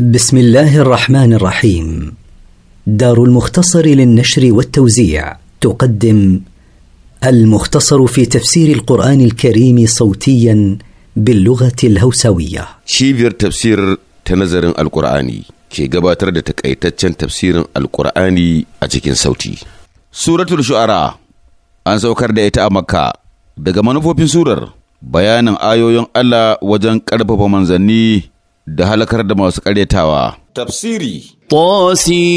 بسم الله الرحمن الرحيم دار المختصر للنشر والتوزيع تقدم المختصر في تفسير القرآن الكريم صوتيا باللغة الهوسوية شيفير تفسير تنظر القرآني كي قباتر تكأيتتشن تفسير القرآني أجيكين صوتي سورة الشعراء أن سوكر دائتا مكة daga سورر بيانا آيو ayoyin Allah وجن ƙarfafa manzanni da halakar da masu ƙaryatawa. Tafsiri Tosimim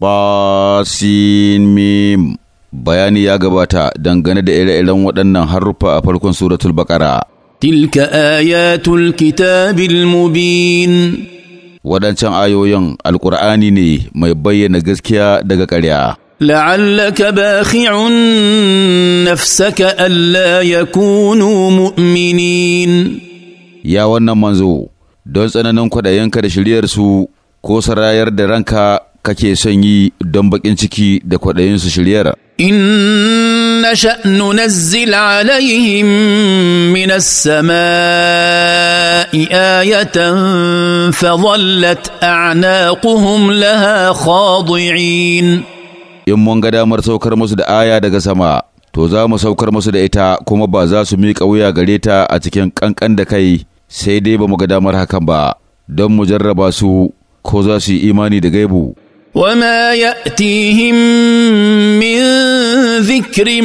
Basimim Bayani ya gabata dangane da ire-iren waɗannan haruffa a farkon suratul baƙara. Tilka ayatul kitabil mubin Waɗancan ayoyin Alƙur'ani ne mai bayyana gaskiya daga ƙarya. لعلك باخع نفسك ألا يكونوا مؤمنين يا wannan manzo don tsananin kwaɗayenka da shiryarsu ko sarayar da ranka kake son yi don baƙin ciki da kwaɗayinsu shiryar. In nasha nunazzil alaihim min as-sama'i ayatan fa dhallat a'naquhum laha khadi'in. in mun ga damar saukar musu da aya daga sama to za mu saukar musu da ita kuma ba za su miƙa wuya gare ta a cikin ƙanƙan da kai sai dai ba mu ga damar hakan ba don mu jarraba su ko za su yi imani da gaibu وما ياتيهم من ذكر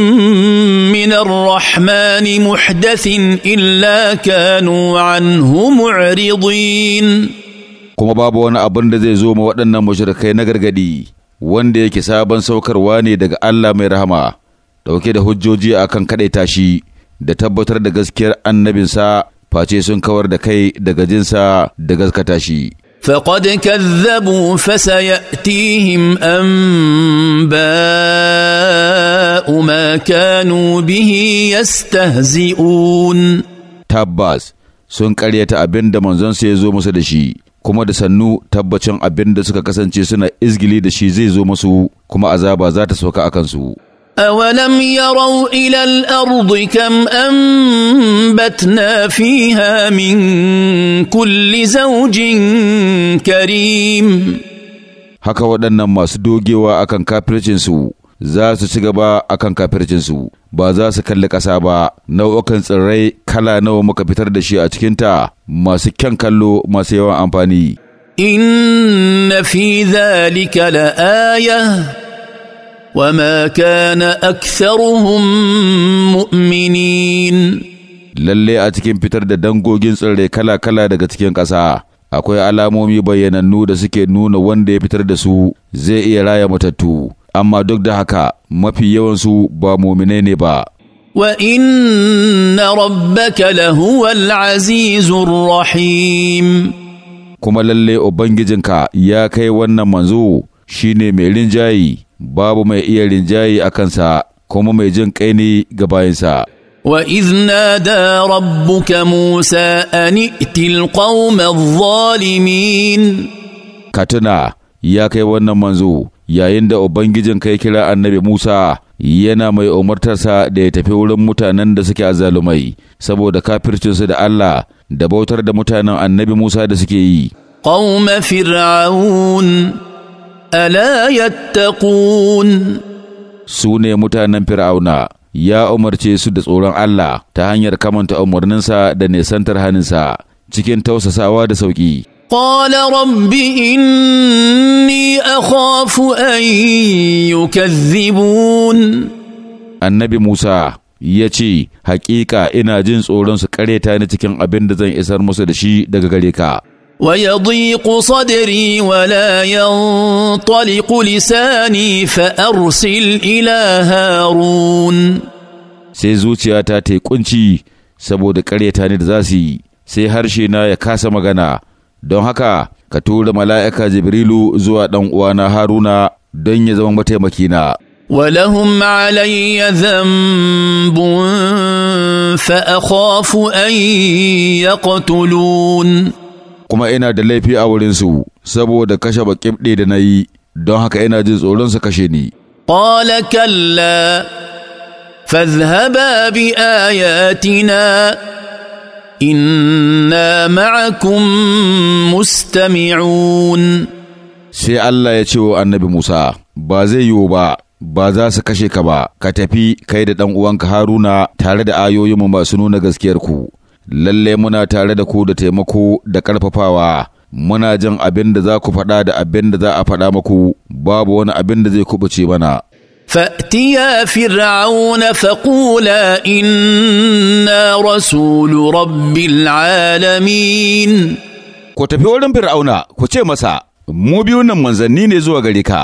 من الرحمن محدث الا كانوا عنه معرضين kuma babu wani abin da zai zo ma waɗannan na gargadi wanda yake sabon saukarwa ne daga Allah mai rahama ɗauke da hujjoji akan kaɗaita shi da tabbatar da gaskiyar annabinsa face sun kawar da kai daga jinsa da gaskata shi فقد كذبوا فسياتيهم انباء ما كانوا به يستهزئون تباس sun karyata abinda da manzon ya zo musu da shi kuma da sannu tabbacin abin da suka kasance suna izgili da shi zai zo masu kuma azaba za ta sauka a kansu. أولم يروا إلى الأرض كم na fi من kulli zaujin كريم haka waɗannan masu dogewa akan kafircinsu za su ci gaba akan kafircinsu ba za su kalli ƙasa ba nau'ukan tsirrai kala nawa muka fitar da shi a cikinta masu kyan kallo masu yawan amfani fi zalika la aya wa ma kana aktharuhum mu'minin lalle a cikin fitar da dangogin tsirrai kala-kala daga cikin ƙasa akwai alamomi bayyanannu da suke nuna wanda ya fitar da su zai iya raya matattu amma duk da haka mafi yawansu ba muminai ne ba. inna rabbaka لهو العزيز rahim? kuma lalle Ubangijinka ya kai wannan manzo shi ne mai rinjayi babu mai iya rinjayi a kansa kuma mai jin kai ne ga bayansa. da rabbuka musa موسى أن ائت zalimin. الظالمين ya kai wannan manzo. yayin da ubangijin kai kira annabi Musa yana mai umartarsa da ya tafi wurin mutanen da suke azalumai, saboda kafircinsu da Allah da bautar da mutanen annabi Musa da suke yi. Ƙauma Fir'aun, ala yattaqun su ne mutanen Fir'auna. Ya umarce su da tsoron Allah ta hanyar kamanta umarninsa da nesantar haninsa cikin tausasawa da sauƙi. قال رب إني أخاف أن يكذبون النبي موسى ya ce haƙiƙa ina jin tsoron su kareta ni cikin abin da zan isar musu da shi daga gare ka ويضيق صدري ولا ينطلق لساني فأرسل إلى هارون sai zuciyata ta yi saboda ƙaryata ni da za su yi sai harshe na ya kasa magana don haka ka tura mala'ika Jibrilu zuwa ɗan uwana Haruna don ya zama mataimakina. ولهم علي an yi ya يقتلون kuma ina da laifi a wurinsu saboda kashe bakin ɗe da na yi don haka ina jin tsoron su kashe ni. Ƙala kalla, fazhaba bi ayatina inna معكم mustami'un sai Allah ya ce wa annabi Musa ba zai yiwu ba ba za su kashe ka ba ka tafi kai da ɗan uwanka Haruna tare da ayoyinmu masu nuna gaskiyar ku lalle muna tare da ku da taimako da ƙarfafawa muna jin abin da za ku faɗa da abin da za a faɗa muku babu wani abin da zai kubuce mana فاتيا فرعون فقولا na رسول رب العالمين ku tafi wurin fir'auna ku ce masa mu biyu nan manzanni ne zuwa gare ka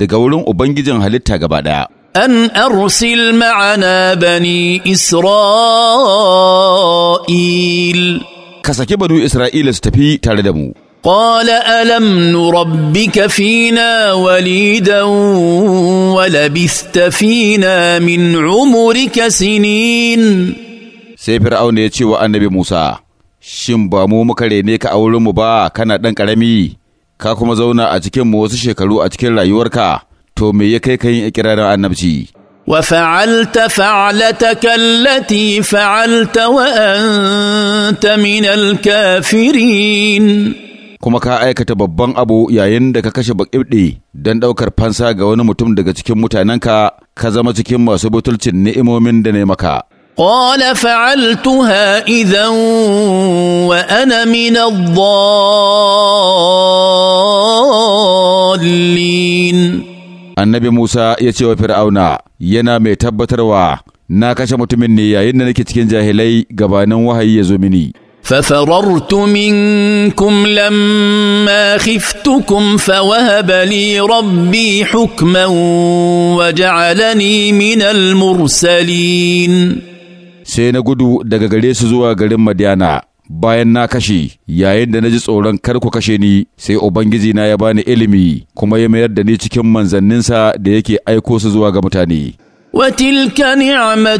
daga wurin ubangijin halitta gaba ɗaya. an arsil ma'ana bani isra'il ka saki banu isra'ila su tafi tare da mu قال الم نربك فينا وليدا ولبثت فينا من عمرك سنين sai fir'auna ya ce wa annabi musa shin ba mu muka rene ka a wurinmu ba kana ɗan ƙarami ka kuma zauna a cikinmu wasu shekaru a cikin rayuwarka to me ya kai ka yin ikirarin annabci وفعلت فعلتك التي فعلت وانت من الكافرين kuma ka aikata babban abu yayin da ka kashe baƙibɗe don ɗaukar fansa ga wani mutum daga cikin mutanenka ka zama cikin masu butulcin ni'imomin da ne maka. قال wa إذا وأنا من الضالين annabi Musa ya ce wa Fir'auna yana mai tabbatarwa na kashe mutumin ne yayin da nake cikin jahilai gabanin wahayi ya zo mini. ففررت منكم لما خفتكم فوهب لي ربي حكما وجعلني من المرسلين sai na gudu daga gare su zuwa garin Madiyana bayan na kashe yayin da na ji tsoron kar ku kashe ni sai ubangiji na ya bani ilimi kuma ya mayar da ni cikin manzanninsa da yake aiko su zuwa ga mutane وتلك نعمة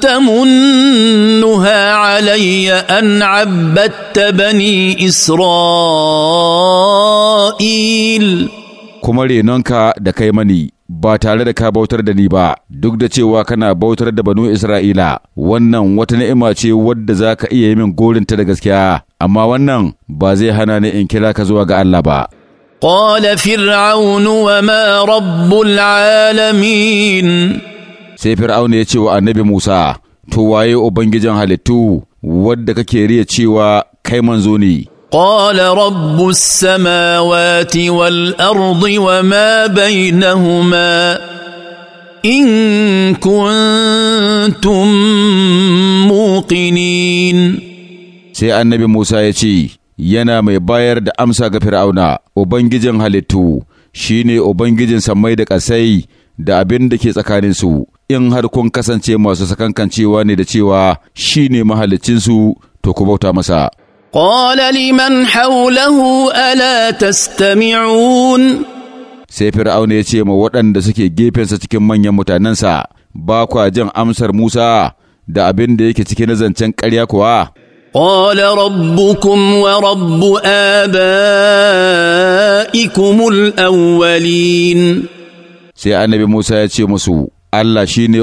تمنها علي أن عبدت بني إسرائيل kuma renonka da kai mani ba tare da ka bautar da ni ba duk da cewa kana bautar da banu isra'ila wannan wata ni'ima ce wadda za ka iya yi min gorinta da gaskiya amma wannan ba zai hana ni in kira ka zuwa ga allah ba Ƙola فرعون وما رب العالمين sai fir'auna ya ce wa annabi musa to waye ubangijin halittu wadda kake riya cewa kai manzo ne قال رب السماوات والارض وما بينهما ان كنتم موقنين sai annabi musa ya ce yana mai bayar da amsa ga fir'auna Ubangijin halittu shi ne Ubangijin sammai da ƙasai da abin da ke tsakaninsu, in har kun kasance masu sakankancewa ne da cewa shi ne mahalicinsu to ku bauta masa. قال liman haulahu ala tastami'un. sai Fir'auna ya ce ma waɗanda suke gefensa cikin manyan mutanensa, ba kwa jin amsar Musa da abin da yake cikin zancen ƙarya kuwa. قال ربكم ورب آبائكم الأولين sai annabi Musa ya ce musu Allah shi ne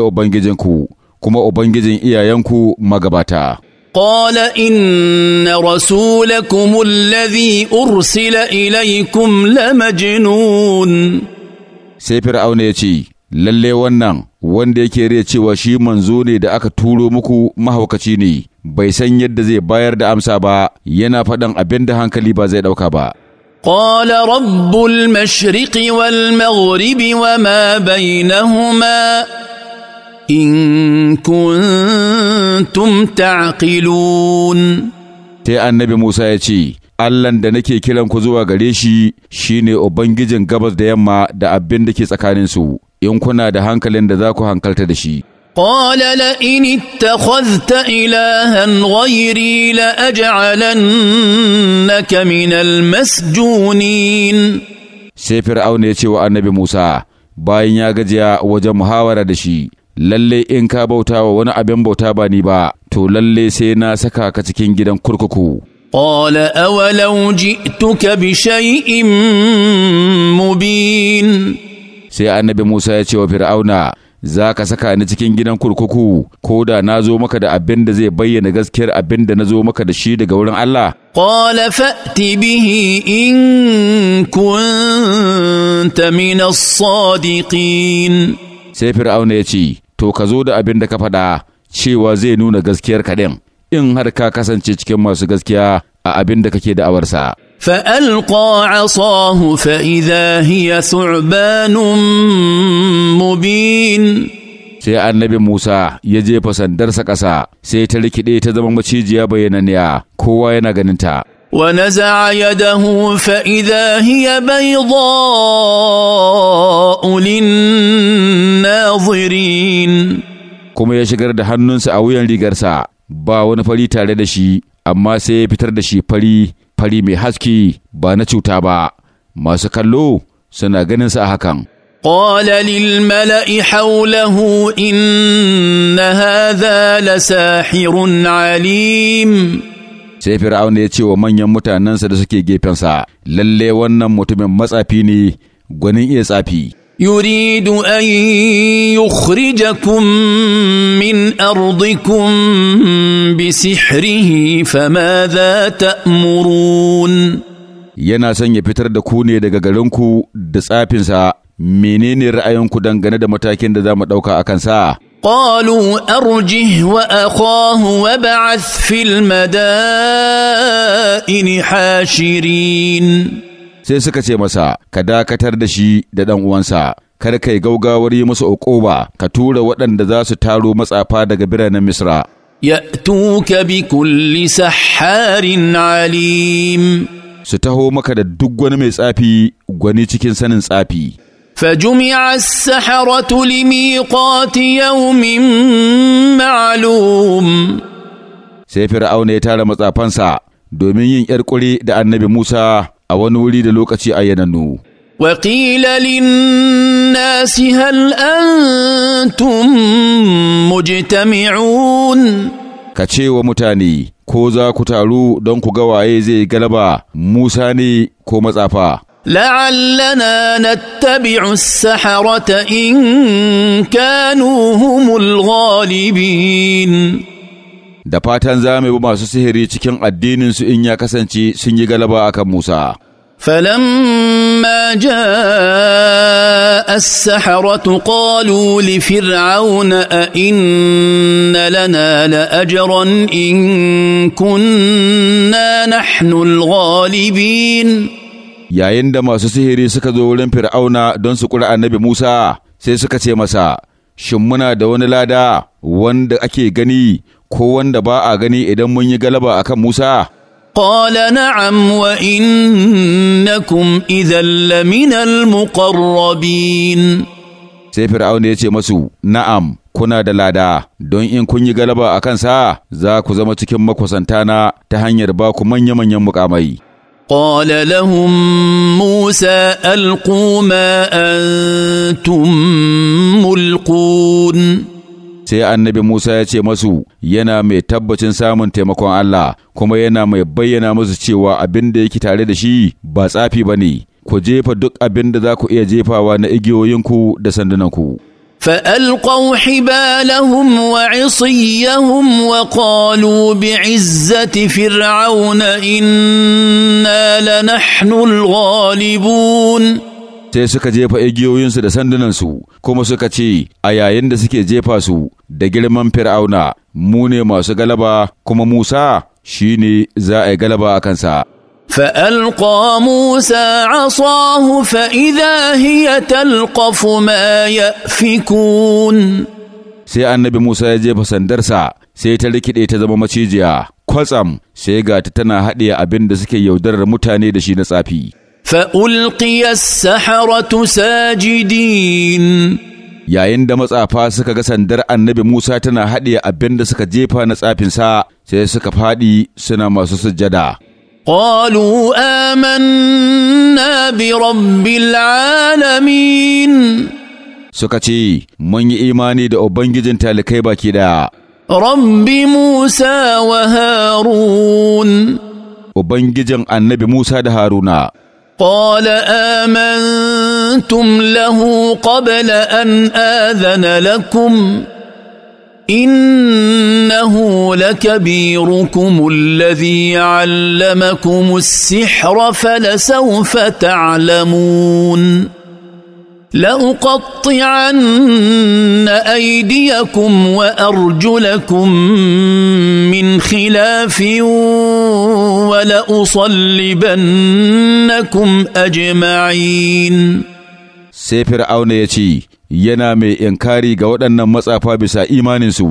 ku, kuma Ubangijin iyayenku magabata. قال إن رسولكم الذي أرسل إليكم لمجنون sai fir'auna ya ce lalle wannan wanda yake rai cewa shi manzo ne da aka turo muku mahaukaci ne bai san yadda zai bayar da amsa ba yana faɗan abin da hankali ba zai ɗauka ba قال رب المشرق والمغرب وما بينهما إن كنتم تعقلون تي النبي موسى يتي Allahn da nake kiran ku zuwa gare shi shine Ubangijin gabas da yamma da abin da ke tsakaninsu, in kuna da hankalin da za ku hankalta da shi. قال لئن اتخذت إلها غيري لأجعلنك من المسجونين sai fir'auna ya ce wa annabi Musa bayan ya gajiya wajen muhawara da shi lalle in ka bauta wa wani abin bauta ba ni ba to lalle sai na saka ka cikin gidan kurkuku قال أولو جئتك بشيء مبين sai annabi Musa ya ce wa Fir'auna za ka saka ni cikin gidan kurkuku ko da na zo maka da abin da zai bayyana gaskiyar abin da na zo maka da shi daga wurin Allah. Ƙwala fa'ti bihi in kunta min sadiqin Sai Fir'auna ya ce, To ka zo da abin da ka faɗa cewa zai nuna gaskiyar kaɗin in har ka kasance cikin masu gaskiya a abin da kake da'awarsa. فالقى عصاه فاذا هي ثعبان مبين sai annabi Musa ya jefa sandarsa ƙasa sai ta rikiɗe ta zama maciji macijiya bayyananniya kowa yana ganinta. ونزع يده فإذا هي بيضاء للناظرين kuma ya shigar da hannunsa a wuyan rigarsa ba wani fari tare da shi amma sai ya fitar da shi fari fari mai haske ba na cuta ba masu kallo suna ganin sa a hakan قال للملأ حوله إن هذا لساحر عليم sai fir'auna ya ce wa manyan mutanensa da suke gefensa lalle wannan mutumin matsafi ne gwanin iya tsafi يريد ان يخرجكم من ارضكم بسحره فماذا تامرون yana son ya fitar da ku ne daga garinku da tsafinsa menene ra'ayinku dangane da matakin da za mu ɗauka a kansa قالوا أرجه وأخاه وابعث في المدائن حاشرين sai suka ce masa ka dakatar da shi da ɗan uwansa kar kai gaugawar yi masa uquba ka tura waɗanda za su taro matsafa daga biranen misra ya'tuka bi kulli saharin alim su taho maka da duk wani mai tsafi gwani cikin sanin tsafi فجمع السحرة لميقات يوم معلوم sai fir'auna ya tara matsafansa domin yin 'yar kuri da annabi Musa a wani wuri da lokaci ayyanannu. وقيل للناس هل أنتم Ka ce wa mutane ko za ku taru don ku ga waye zai galaba Musa ne ko matsafa la'allana nattabi'u as-saharata in kanu humul ghalibin da fatan za mu bi masu sihiri cikin addininsu in ya kasance sun yi galaba akan Musa. فلما جاء السحرة قالوا لفرعون أئن لنا لأجرا إن كنا نحن الغالبين yayin da masu sihiri suka zo wurin fir'auna don su kula annabi Musa sai suka ce masa shin muna da wani lada wanda ake gani ko wanda ba a gani idan mun yi galaba akan Musa? قال نعم وإنكم إذا لمن المقربين sai fir'auna ya ce masu na'am kuna da lada don in kun yi galaba a kansa za ku zama cikin makusantana ta hanyar ba ku manya-manyan mukamai قال لهم موسى ألقوا ما أنتم ملقون Sai annabi Musa ya ce masu yana mai tabbacin samun taimakon Allah kuma yana mai bayyana musu cewa abin da yake tare da shi ba tsafi ba ne, ku jefa duk abin da za ku iya jefawa na igiyoyinku da sandunanku. فالقوا حبالهم وعصيهم وقالوا بعزه فرعون انا لنحن الغالبون sai suka jefa igiyoyinsu da sandunansu kuma suka ce a yayin da suke jefa su da girman fir'auna mu ne masu galaba kuma musa shi ne za a yi galaba a kansa فألقى موسى عصاه فإذا هي تلقف ما يأفكون sai annabi Musa ya jefa sandarsa sai ta rikide ta zama macijiya kwatsam sai gata tana haɗiye abin da suke yaudarar mutane da shi na tsafi فألقي السحرة ساجدين yayin da matsafa suka ga sandar annabi Musa tana haɗiye abin da suka jefa na tsafinsa sai suka faɗi suna masu sujjada. قالوا bi برب العالمين suka ce mun yi imani da ubangijin talikai baki ɗaya. rabbi musa wa harun ubangijin annabi musa da haruna قال امنتم له قبل ان اذن لكم انه لكبيركم الذي علمكم السحر فلسوف تعلمون لاقطعن ايديكم وارجلكم من خلاف ولأصلبنكم أجمعين sai fir'auna ya ce yana mai inkari ga waɗannan matsafa bisa imaninsu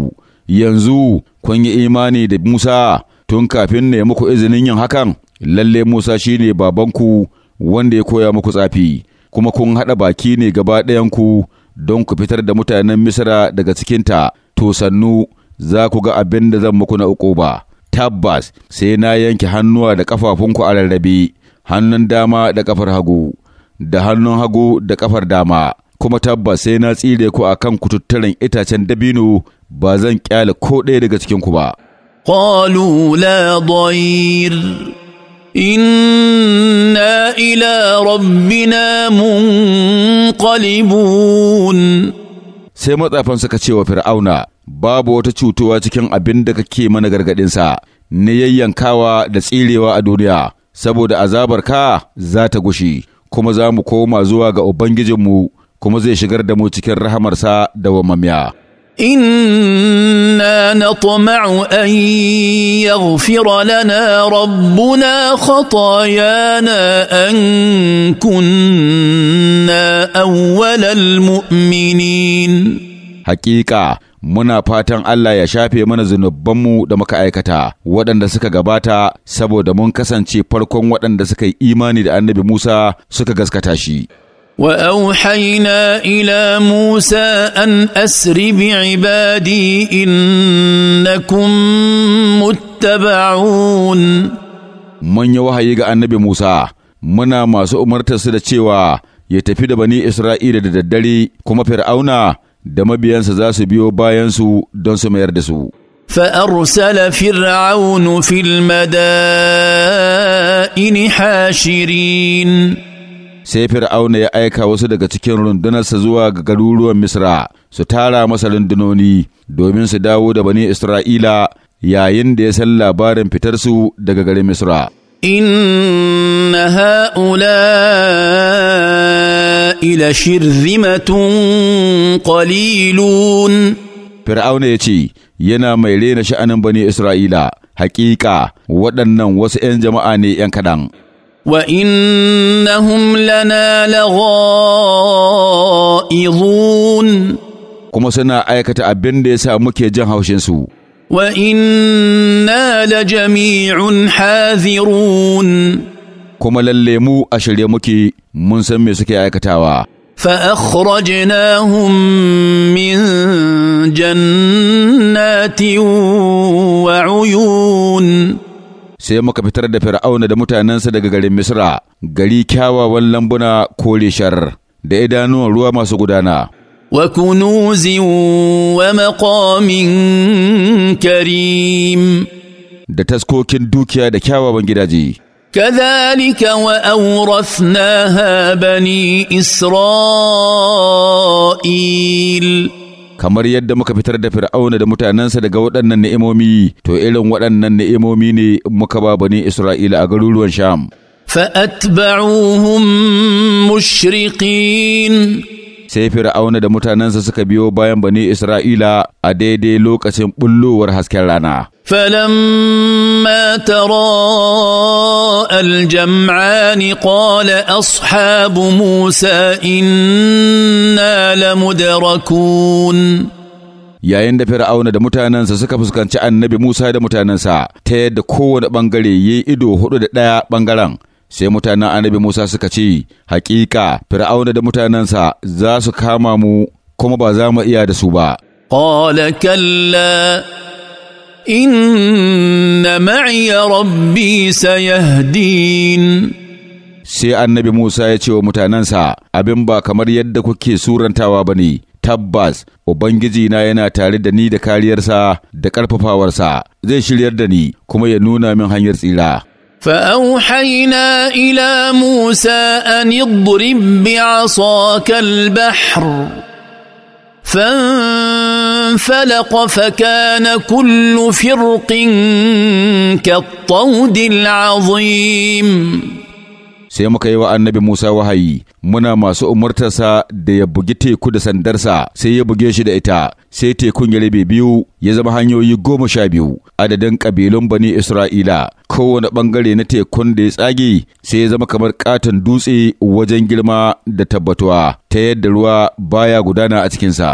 yanzu kun yi imani da musa tun kafin ne muku izinin yin hakan Lallai musa shine babanku wanda ya koya muku tsafi kuma kun haɗa baki ne gaba ku don ku fitar da mutanen misra daga cikinta to sannu za ku ga abin da zan muku na uku ba, tabbas sai na yanke hannuwa da ƙafafunku a rarrabe, hannun dama da ƙafar hagu, da hannun hagu da ƙafar dama, kuma tabbas sai na tsire ku a kan kututturen itacen dabino ba zan ƙyale ko ɗaya daga cikinku ba. قالوا ila rabbina إنا إلى ربنا منقلبون sai matsafan suka ce wa fir'auna babu wata cutuwa cikin abin da kake mana gargaɗinsa na yayyankawa da tsirewa a duniya saboda azabar ka za ta gushi kuma za mu koma zuwa ga ubangijinmu kuma zai shigar da mu cikin rahamarsa da wamamiya. انا نطمع ان يغفر لنا ربنا خطايانا ان كنا اول المؤمنين حقيقه muna fatan Allah ya shafe mana zunubanmu da muka aikata waɗanda suka gabata saboda mun kasance farkon waɗanda suka yi imani da annabi Musa suka gaskata shi واوحينا الى موسى ان اسر بعبادي انكم متبعون من wahayi ga annabi Musa muna masu umartarsa da cewa ya tafi da bani Isra'ila da daddare kuma Fir'auna da mabiyansa za su biyo bayansu don su mayar da su. فأرسل فرعون في المدائن حاشرين sai fir'auna ya aika wasu daga cikin rundunarsa zuwa ga garuruwan misra su tara masa rundunoni domin su dawo da bani isra'ila yayin da ya san labarin fitarsu daga garin misra إن هؤلاء لشرذمة Fir'auna ya ce, yana mai rena sha'anin bani Isra'ila, Haƙiƙa, waɗannan wasu ‘yan jama'a ne ‘yan kaɗan. وإنهم لنا لغائظون كما سنة آيكة أبن ديسا مكي جنها وشنسو وإنا لجميع حاذرون كما للمو أشل يمكي من سمي سكي آيكة فأخرجناهم من جنات وعيون sai muka fitar da fir'auna da mutanensa daga garin misra gari kyawawan lambuna kore shar da idanuwan ruwa masu gudana Wa wa makomin Karim. da taskokin dukiya da kyawawan gidaje wa كذلك وأورثناها بني Isra'il. kamar yadda muka fitar da fir'auna da mutanensa daga waɗannan ni'imomi to irin waɗannan ni'imomi ne muka ba bani Isra'ila a garuruwan Sham. atba'uhum مشرقين sai fir'auna da mutanensa suka biyo bayan bani isra'ila a daidai lokacin bullowar hasken rana فلما تراءى الجمعان قال اصحاب موسى انا لمدركون yayin da fir'auna da mutanensa suka fuskanci annabi musa da mutanensa ta yadda kowane bangare ya yi ido hudu da ɗaya bangaren sai mutanen annabi Musa suka ce, Hakika, Fir'auna da mutanensa za su kama mu kuma ba za mu iya da su ba. Ƙwala kalla, inna ma'iya rabbi sayahdin. Sai annabi Musa ya ce wa mutanensa, abin ba kamar yadda kuke surantawa ba ne, tabbas Ubangijina yana tare da ni da kariyarsa da ƙarfafawarsa, zai shiryar da ni kuma ya nuna min hanyar tsira. فأوحينا إلى موسى أن اضرب بعصاك البحر فانفلق فكان كل فرق كالطود العظيم sai muka yi wa annabi Musa wahayi muna masu umartarsa da ya bugi teku da sandarsa sai ya buge shi da ita sai tekun ya rabe biyu ya zama hanyoyi goma sha biyu adadin kabilun bani Isra'ila kowane bangare na tekun da ya tsage sai ya zama kamar katon dutse wajen girma da tabbatuwa ta yadda ruwa baya gudana a cikinsa.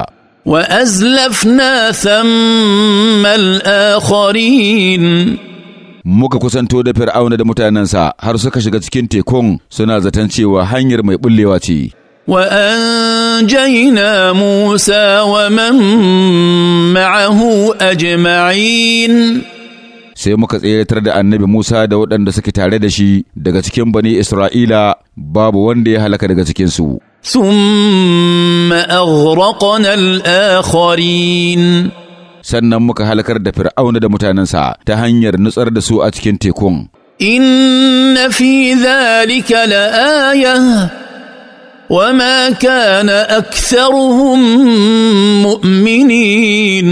وأزلفنا ثم الآخرين muka kusanto da fir'auna da mutanensa har suka shiga cikin tekun suna zaton cewa hanyar mai bullewa ce Musa موسى ومن معه اجمعين sai muka tseratar da annabi Musa da waɗanda suke tare da shi daga cikin bani Isra'ila babu wanda ya halaka daga cikinsu. Summa aghraqna al-akharin sannan muka halakar da fir'auna da mutanensa ta hanyar nutsar da su a cikin tekun fi zalika la'aya wa ma kana أكثرهم mu'minin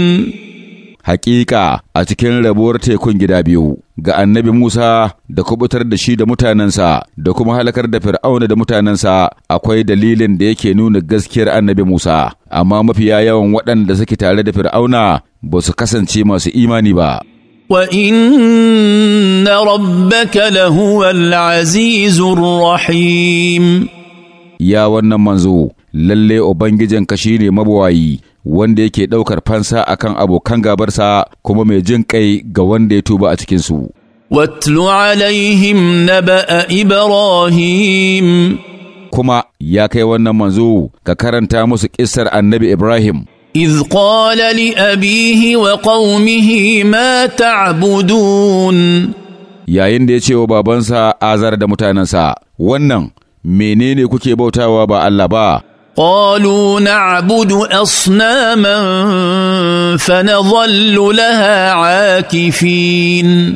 Hakika a cikin rabuwar tekun gida biyu ga annabi Musa da kubutar da shi da mutanensa da kuma halakar da fir'auna da mutanensa akwai dalilin da yake nuna gaskiyar annabi Musa, amma mafiya yawan waɗanda suke tare da fir'auna ba su kasance masu imani ba. وان ربك لهو العزيز الرحيم يا wannan manzo lalle ka shine mabuwayi wanda yake ɗaukar fansa akan abokan gabarsa kuma mai jin kai ga wanda ya tuba a cikinsu. Watlu alaihim naba'a Ibrahim Kuma ya kai wannan manzo ka karanta musu ƙisar annabi Ibrahim. إذ قال لأبيه وقومه ما تعبدون yayin da ya ce wa babansa azar da mutanensa wannan menene kuke bautawa ba Allah ba قالوا نعبد اصناما فنظل لها عاكفين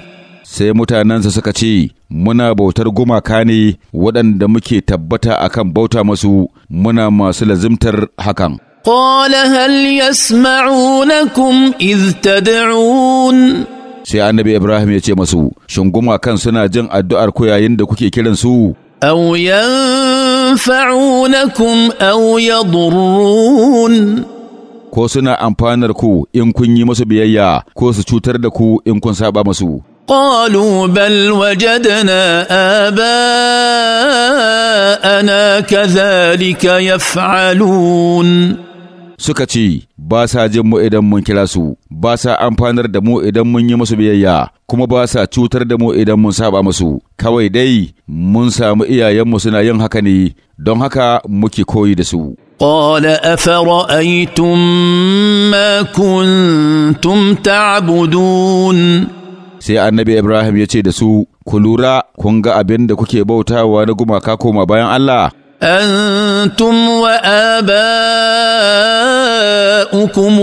sai mutanensa suka ce muna bautar gumaka ne waɗanda muke tabbata akan bauta masu muna masu lazimtar hakan قال هل يسمعونكم إذ تدعون sai annabi Ibrahim ya ce masu shin gumakan suna jin addu'ar ku yayin da kuke kiran su أو ينفعونكم أو يضرون ko suna amfanar ku in kun yi masu biyayya ko su cutar da ku in kun saba masu. قالوا بل وجدنا آباءنا كذلك يفعلون suka ce ba sa jin mu idan mun kira su ba sa amfanar da mu idan mun yi musu biyayya kuma ba sa cutar da mu idan mun saba musu kawai dai mun samu iyayenmu suna yin haka ne don haka muke koyi da su قال أفرأيتم ما كنتم تعبدون sai annabi Ibrahim ya ce da su, Ku lura, kun ga abin da kuke bautawa na gumaka koma bayan Allah? انتم واباؤكم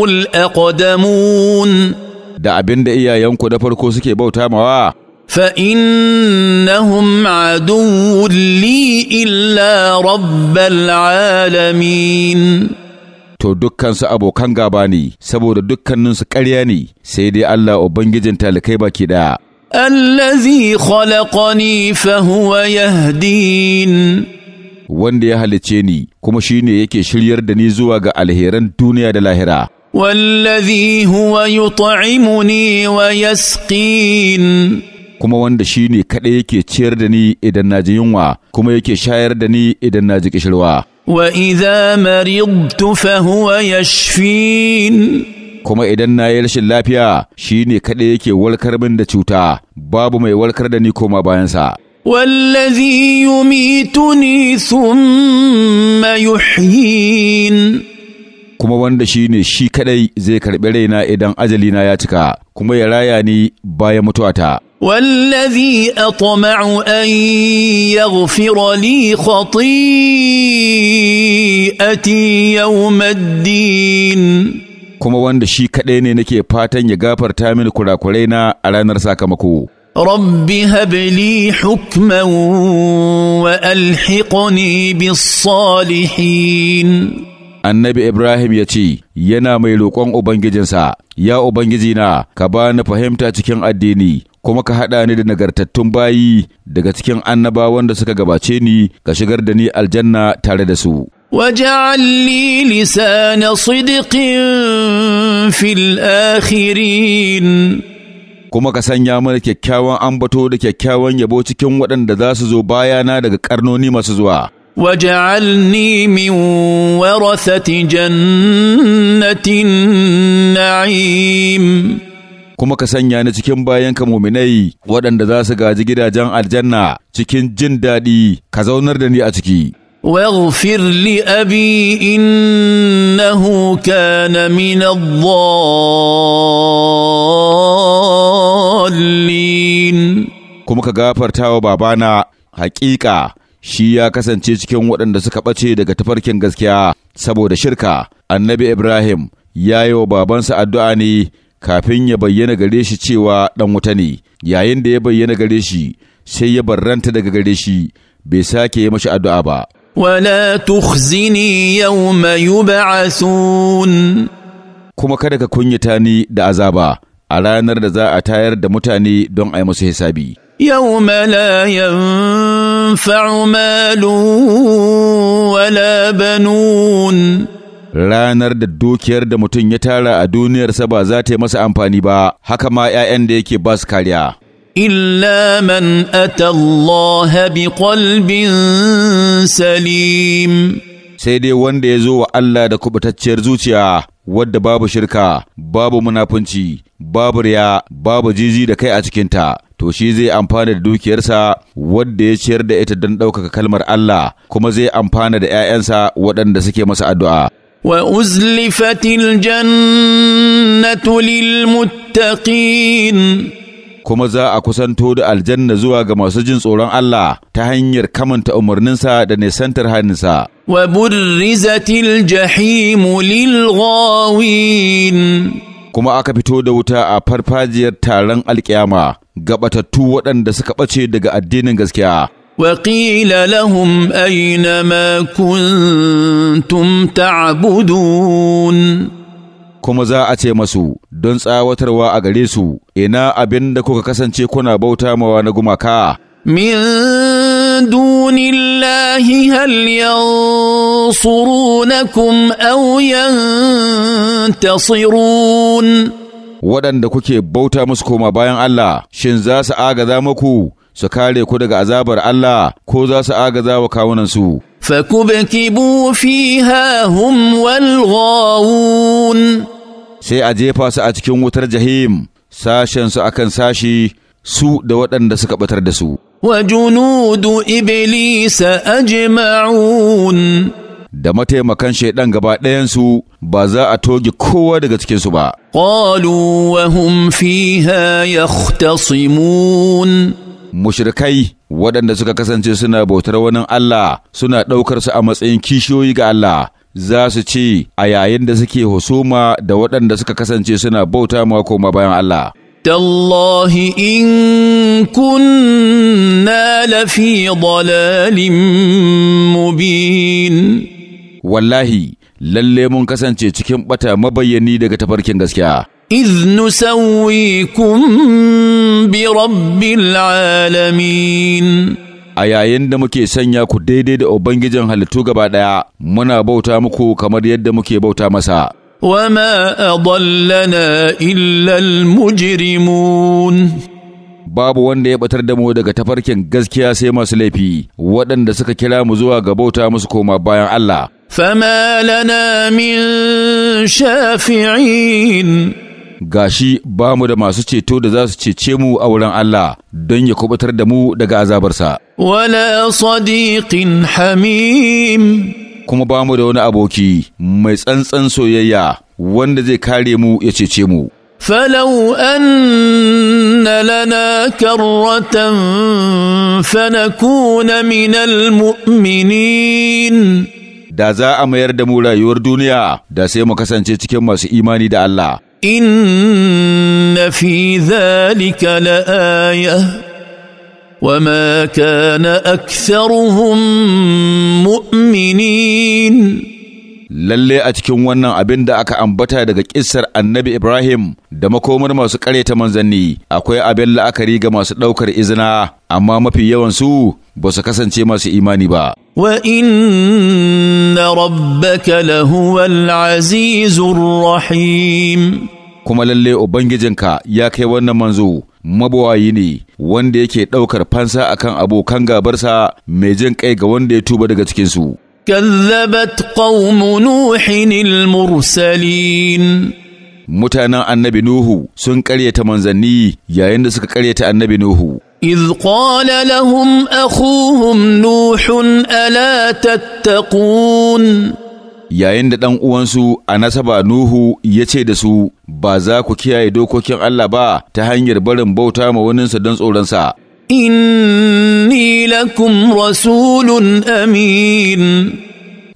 الاقدمون da abinda da iyayenku da farko suke bauta mawa فانهم عدو لي الا رب العالمين to dukansu abokan gaba ne saboda dukkaninsu karya ne sai dai Allah ubangijin talikai baki ɗaya. allazi khalaqani fahuwa yahdin wanda ya halice ni kuma shine yake shiryar da ni zuwa ga alheran duniya da lahira huwa هو wa ويسقين kuma wanda shi ne kaɗai yake ciyar da ni idan na ji yunwa kuma yake shayar da ni idan na ji kishirwa. Wa idza maridtu tufa huwa yashfin kuma idan na yi rashin lafiya shi ne kaɗai yake walkar min da cuta babu mai walkar da ni koma bayansa. والذي يميتني ثم يحيين kuma wanda shi ne shi kadai zai karɓi raina idan ajalina ya cika kuma ya raya ni bayan mutuwata. Wallazi atma'u an yaghfira li khati'ati yawmaddin kuma wanda shi kadai ne nake fatan ya gafarta mini kurakuraina a ranar sakamako. رب هب لي حكما والحقني بالصالحين annabi Ibrahim ya ce, Yana mai roƙon Ubangijinsa, Ya Ubangijina, ka ba ni fahimta cikin addini, kuma ka haɗa ni da nagartattun bayi daga cikin annabawan da suka gabace ni, ka shigar da ni aljanna tare da su. واجعل لي لسان صدق في الآخرين kuma ka sanya mana kyakkyawan ambato da kyakkyawan yabo cikin waɗanda za su zo bayana daga ƙarnoni masu zuwa. واجعلني min ورثة jannatin na'im kuma ka sanya ni cikin bayanka muminai waɗanda za su gaji gidajen aljanna cikin jin daɗi ka zaunar da ni a ciki واغفر لأبي إنه كان من الضالين kuma ka gafarta wa babana hakika shi ya kasance cikin waɗanda suka ɓace daga tafarkin gaskiya saboda shirka annabi ibrahim ya yi wa babansa addu'a ne kafin ya bayyana gare shi cewa ɗan wuta ne yayin da ya bayyana gare shi sai ya barranta daga gare shi bai sake yi mashi addu'a ba ولا تخزني يوم يبعثون kuma kada ka kunyata ni da azaba a ranar da za a tayar da mutane don a yi musu hisabi. يوم لا ينفع مال ولا بنون ranar da dukiyar da mutum ya tara a duniyarsa ba za ta yi masa amfani ba haka ma 'ya'yan da yake ba su kariya الا من اتى الله بقلب سليم sai dai wanda ya zo wa Allah da kubutacciyar zuciya wadda babu shirka babu munafunci babu riya babu jiji da kai a cikinta to shi zai amfana da dukiyarsa wadda ya ciyar da ita don ɗaukaka kalmar Allah kuma zai amfana da 'ya'yansa waɗanda suke masa addu'a وأزلفت الجنة للمتقين kuma za a kusanto da aljanna zuwa ga masu jin tsoron Allah ta hanyar kamanta umarninsa da nisantar haninsa. Wa burrizatil jahimu lil Kuma aka fito da wuta a farfajiyar taron alkiyama gabatattu waɗanda suka ɓace daga addinin gaskiya. وقيل لهم اين ما كنتم تعبدون kuma za a ce masu don tsawatarwa a gare su, ina abin da kuka kasance kuna bauta mawa na gumaka. Min dunillahi hal yansurunakum aw yantasirun. Waɗanda kuke bauta musu koma bayan Allah, shin za su agaza muku su kare ku daga azabar Allah ko za su agaza wa kawunansu. فكبكبوا فيها هم والغاوون sai a jefa su a cikin wutar jahim sashensu akan sashi su da waɗanda suka batar da su. Wa junudu Iblisa ajma'un da mataimakan shaidan gaba ɗayansu ba za a toge kowa daga cikinsu ba. Ƙalu wa hum fiha yahtasimun Mushrikai waɗanda suka kasance suna bautar wani Allah suna ɗaukar su a matsayin kishiyoyi ga Allah za su ce a yayin da suke husuma da waɗanda suka kasance suna bauta ma koma bayan Allah. تالله in kunna lafi dalalin mubin. Wallahi, lalle mun kasance cikin ɓata mabayyani daga tafarkin gaskiya. إذ نسويكم برب العالمين a yayin da muke sanya ku daidai da Ubangijin halittu gaba ɗaya, muna bauta muku kamar yadda muke bauta masa. وما أضلنا إلا mujirimun. babu wanda ya batar da mu daga tafarkin gaskiya sai masu laifi waɗanda suka kira mu zuwa ga bauta musu koma bayan Allah. فما لنا min shafi'in. gashi ba mu da masu ceto da za su cece mu a wurin Allah don ya kubutar da mu daga azabarsa. Wala sadiqin hamim kuma ba mu da wani aboki mai tsantsan soyayya wanda zai kare mu ya cece mu. فلو أن لنا كرة فنكون من المؤمنين da za a mayar da mu rayuwar duniya da sai mu kasance cikin masu imani da Allah. ان في ذلك لايه وما كان اكثرهم مؤمنين lalle a cikin wannan abin da aka ambata daga kissar annabi Ibrahim da makomar masu ta manzanni akwai abin la'akari ga masu ɗaukar izina amma mafi yawan su ba su kasance masu imani ba. Wa inna rabbaka lahuwal azizur rahim. Kuma lalle Ubangijinka ya kai wannan manzo mabawayi ne wanda yake ɗaukar fansa akan abokan gabarsa mai jin kai ga wanda ya tuba daga cikinsu. كذبت قوم نوح المرسلين mutanen annabi Nuhu sun ƙaryata manzanni yayin da suka ƙaryata annabi Nuhu. اذ قال لهم اخوهم نوح الا تتقون yayin da ɗan uwansu a nasaba Nuhu ya ce da su, Ba za ku kiyaye dokokin Allah ba ta hanyar barin bauta ma waninsa don tsoronsa. Inni lakum rasulun amin.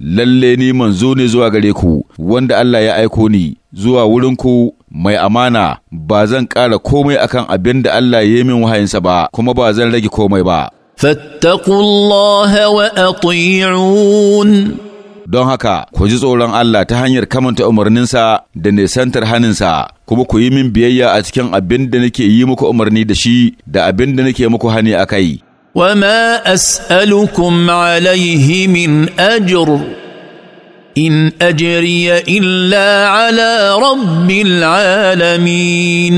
Lalle ni manzo ne zuwa gare ku, wanda Allah ya aiko ni zuwa wurinku mai amana ba zan ƙara komai akan abin da Allah ya yi min wahayinsa ba kuma ba zan rage komai ba. Fattakullaha wa ati'un Don haka, ku ji tsoron Allah ta hanyar kamanta umarninsa da nisantar haninsa, kuma ku yi min biyayya a cikin abin da nake yi muku umarni da shi da abin da nake muku hani a kai. Wa ma as'alukum alaihi min ajr. ان اجري الا على رب العالمين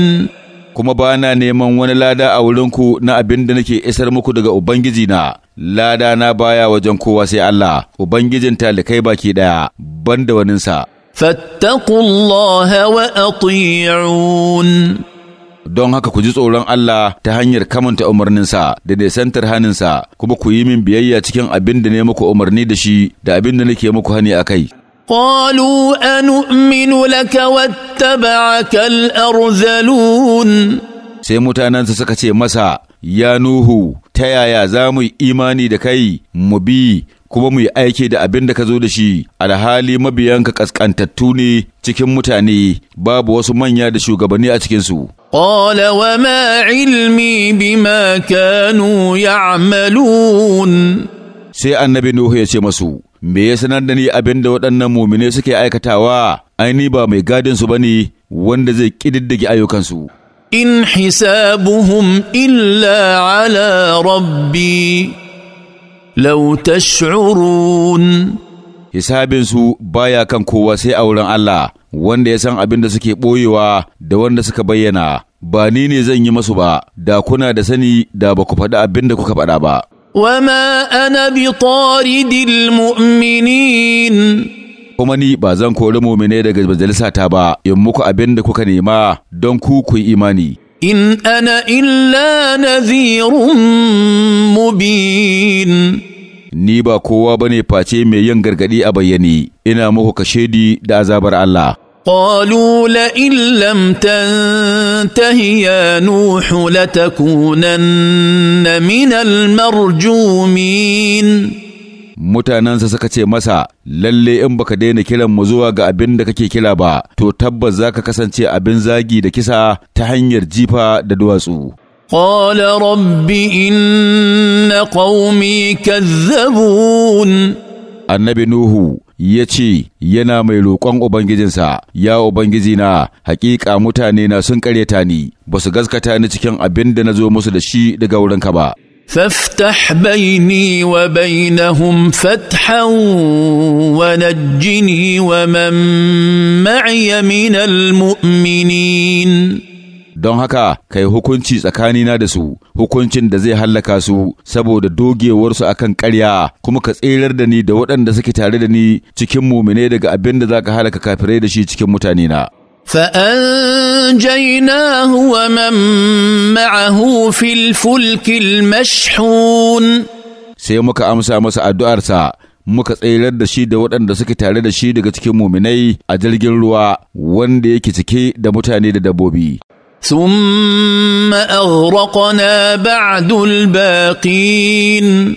kuma ba na neman wani lada a wurinku na abin da nake isar muku daga Ubangiji na, lada na baya wajen kowa sai Allah, Ubangijin talikai baki ɗaya, ban da waninsa. Fattakullaha wa ati'un don haka ku ji tsoron Allah ta hanyar kamanta umarninsa da nisantar haninsa kuma ku yi min biyayya cikin abin da ne muku umarni da shi da abin da nake muku hani a kai. قالوا أنؤمن لك واتبعك الأرذلون sai mutanensa suka ce masa ya Nuhu ta yaya za mu yi imani da kai mu bi kuma mu yi aiki da abin da ka zo da shi alhali mabiyanka ƙasƙantattu ne cikin mutane babu wasu manya da shugabanni a cikinsu. قال وما علمي بما كانوا يعملون sai annabi Nuhu ya ce masu, Me ya sanar da ni abin da waɗannan mumine suke aikatawa, aini ba mai gadinsu ba bane wanda zai ƙididdige ayyukansu. In hisabuhum illa ala rabbi, lau tash'urun. hisabinsu baya kan kowa sai a wurin Allah wanda ya san abin da suke ɓoyewa da wanda suka bayyana ba ni ne zan yi masu ba da kuna da sani da ba ku faɗi abin da kuka faɗa ba. وما أنا بطارد المؤمنين kuma ni ba zan kori mumine daga majalisata ba in muku abin da kuka nema don ku ku yi imani. In ana illa nazirun mubin. ni ba kowa ba ne face mai yin gargadi a bayyane ina muku kashedi da azabar Allah قالوا لئن لم تنته يا نوح لتكونن من المرجومين mutanensa suka ce masa lalle in baka daina kiran mu zuwa ga abin da kake kira ba to tabbas zaka kasance abin zagi da kisa ta hanyar jifa da duwatsu قال رب إن قومي كذبون annabi Nuhu ya ce yana mai roƙon Ubangijinsa, ya ubangiji na hakika mutane na sun karyata ni, ba su gaskata ni cikin abin da na zo musu da shi daga wurinka ba. فافتح wa وبينهم فتحا ونجني ومن wa من المؤمنين don haka kai yi hukunci tsakanina da su, hukuncin da zai hallaka su saboda dogewarsu akan ƙarya, kuma ka tserar da ni da waɗanda suke tare da ni cikin mumine daga abin da za ka halaka kafirai da shi cikin mutanena. فأنجيناه ومن معه في الفلك المشحون sai muka amsa masa addu'arsa muka tsirar da shi da waɗanda suke tare da shi daga cikin muminai a jirgin ruwa wanda yake cike da mutane da dabbobi. ثم أغرقنا بعد الباقين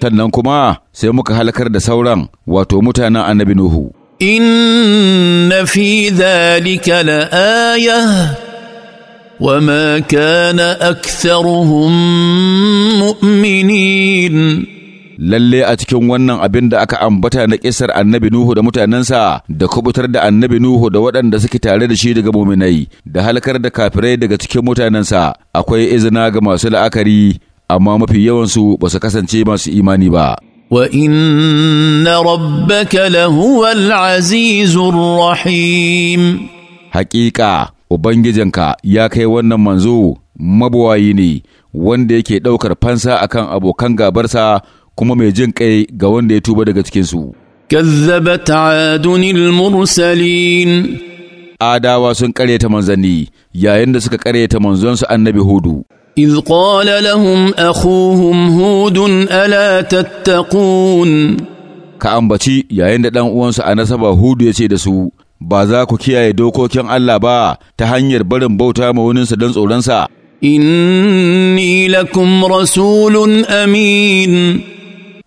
تنانكما سيومك هلكر دا سوران واتومتانا النبي نوح إن في ذلك لآية وما كان أكثرهم مؤمنين lalle a cikin wannan abin da aka ambata na kisar annabi Nuhu da mutanensa da kubutar da annabi Nuhu da waɗanda suke tare da shi daga muminai da halkar da kafirai daga cikin mutanensa akwai izina ga masu la'akari amma mafi yawansu ba su kasance masu imani ba. وان ربك لهو ubangijinka ya kai wannan manzo mabuwayi ne wanda yake ɗaukar fansa akan abokan gabarsa kuma mai jin kai ga wanda ya tuba daga cikinsu. Kazzabat adunil mursalin Adawa sun ta manzanni yayin da suka ƙareta manzonsu annabi Hudu. Iz qala lahum akhuhum hudun ala tattaqun Ka ambaci yayin da ɗan uwansu a nasaba Hudu ya ce da su, Ba za ku kiyaye dokokin Allah ba ta hanyar barin bauta ma wuninsa don tsoronsa. Inni lakum rasulun amin.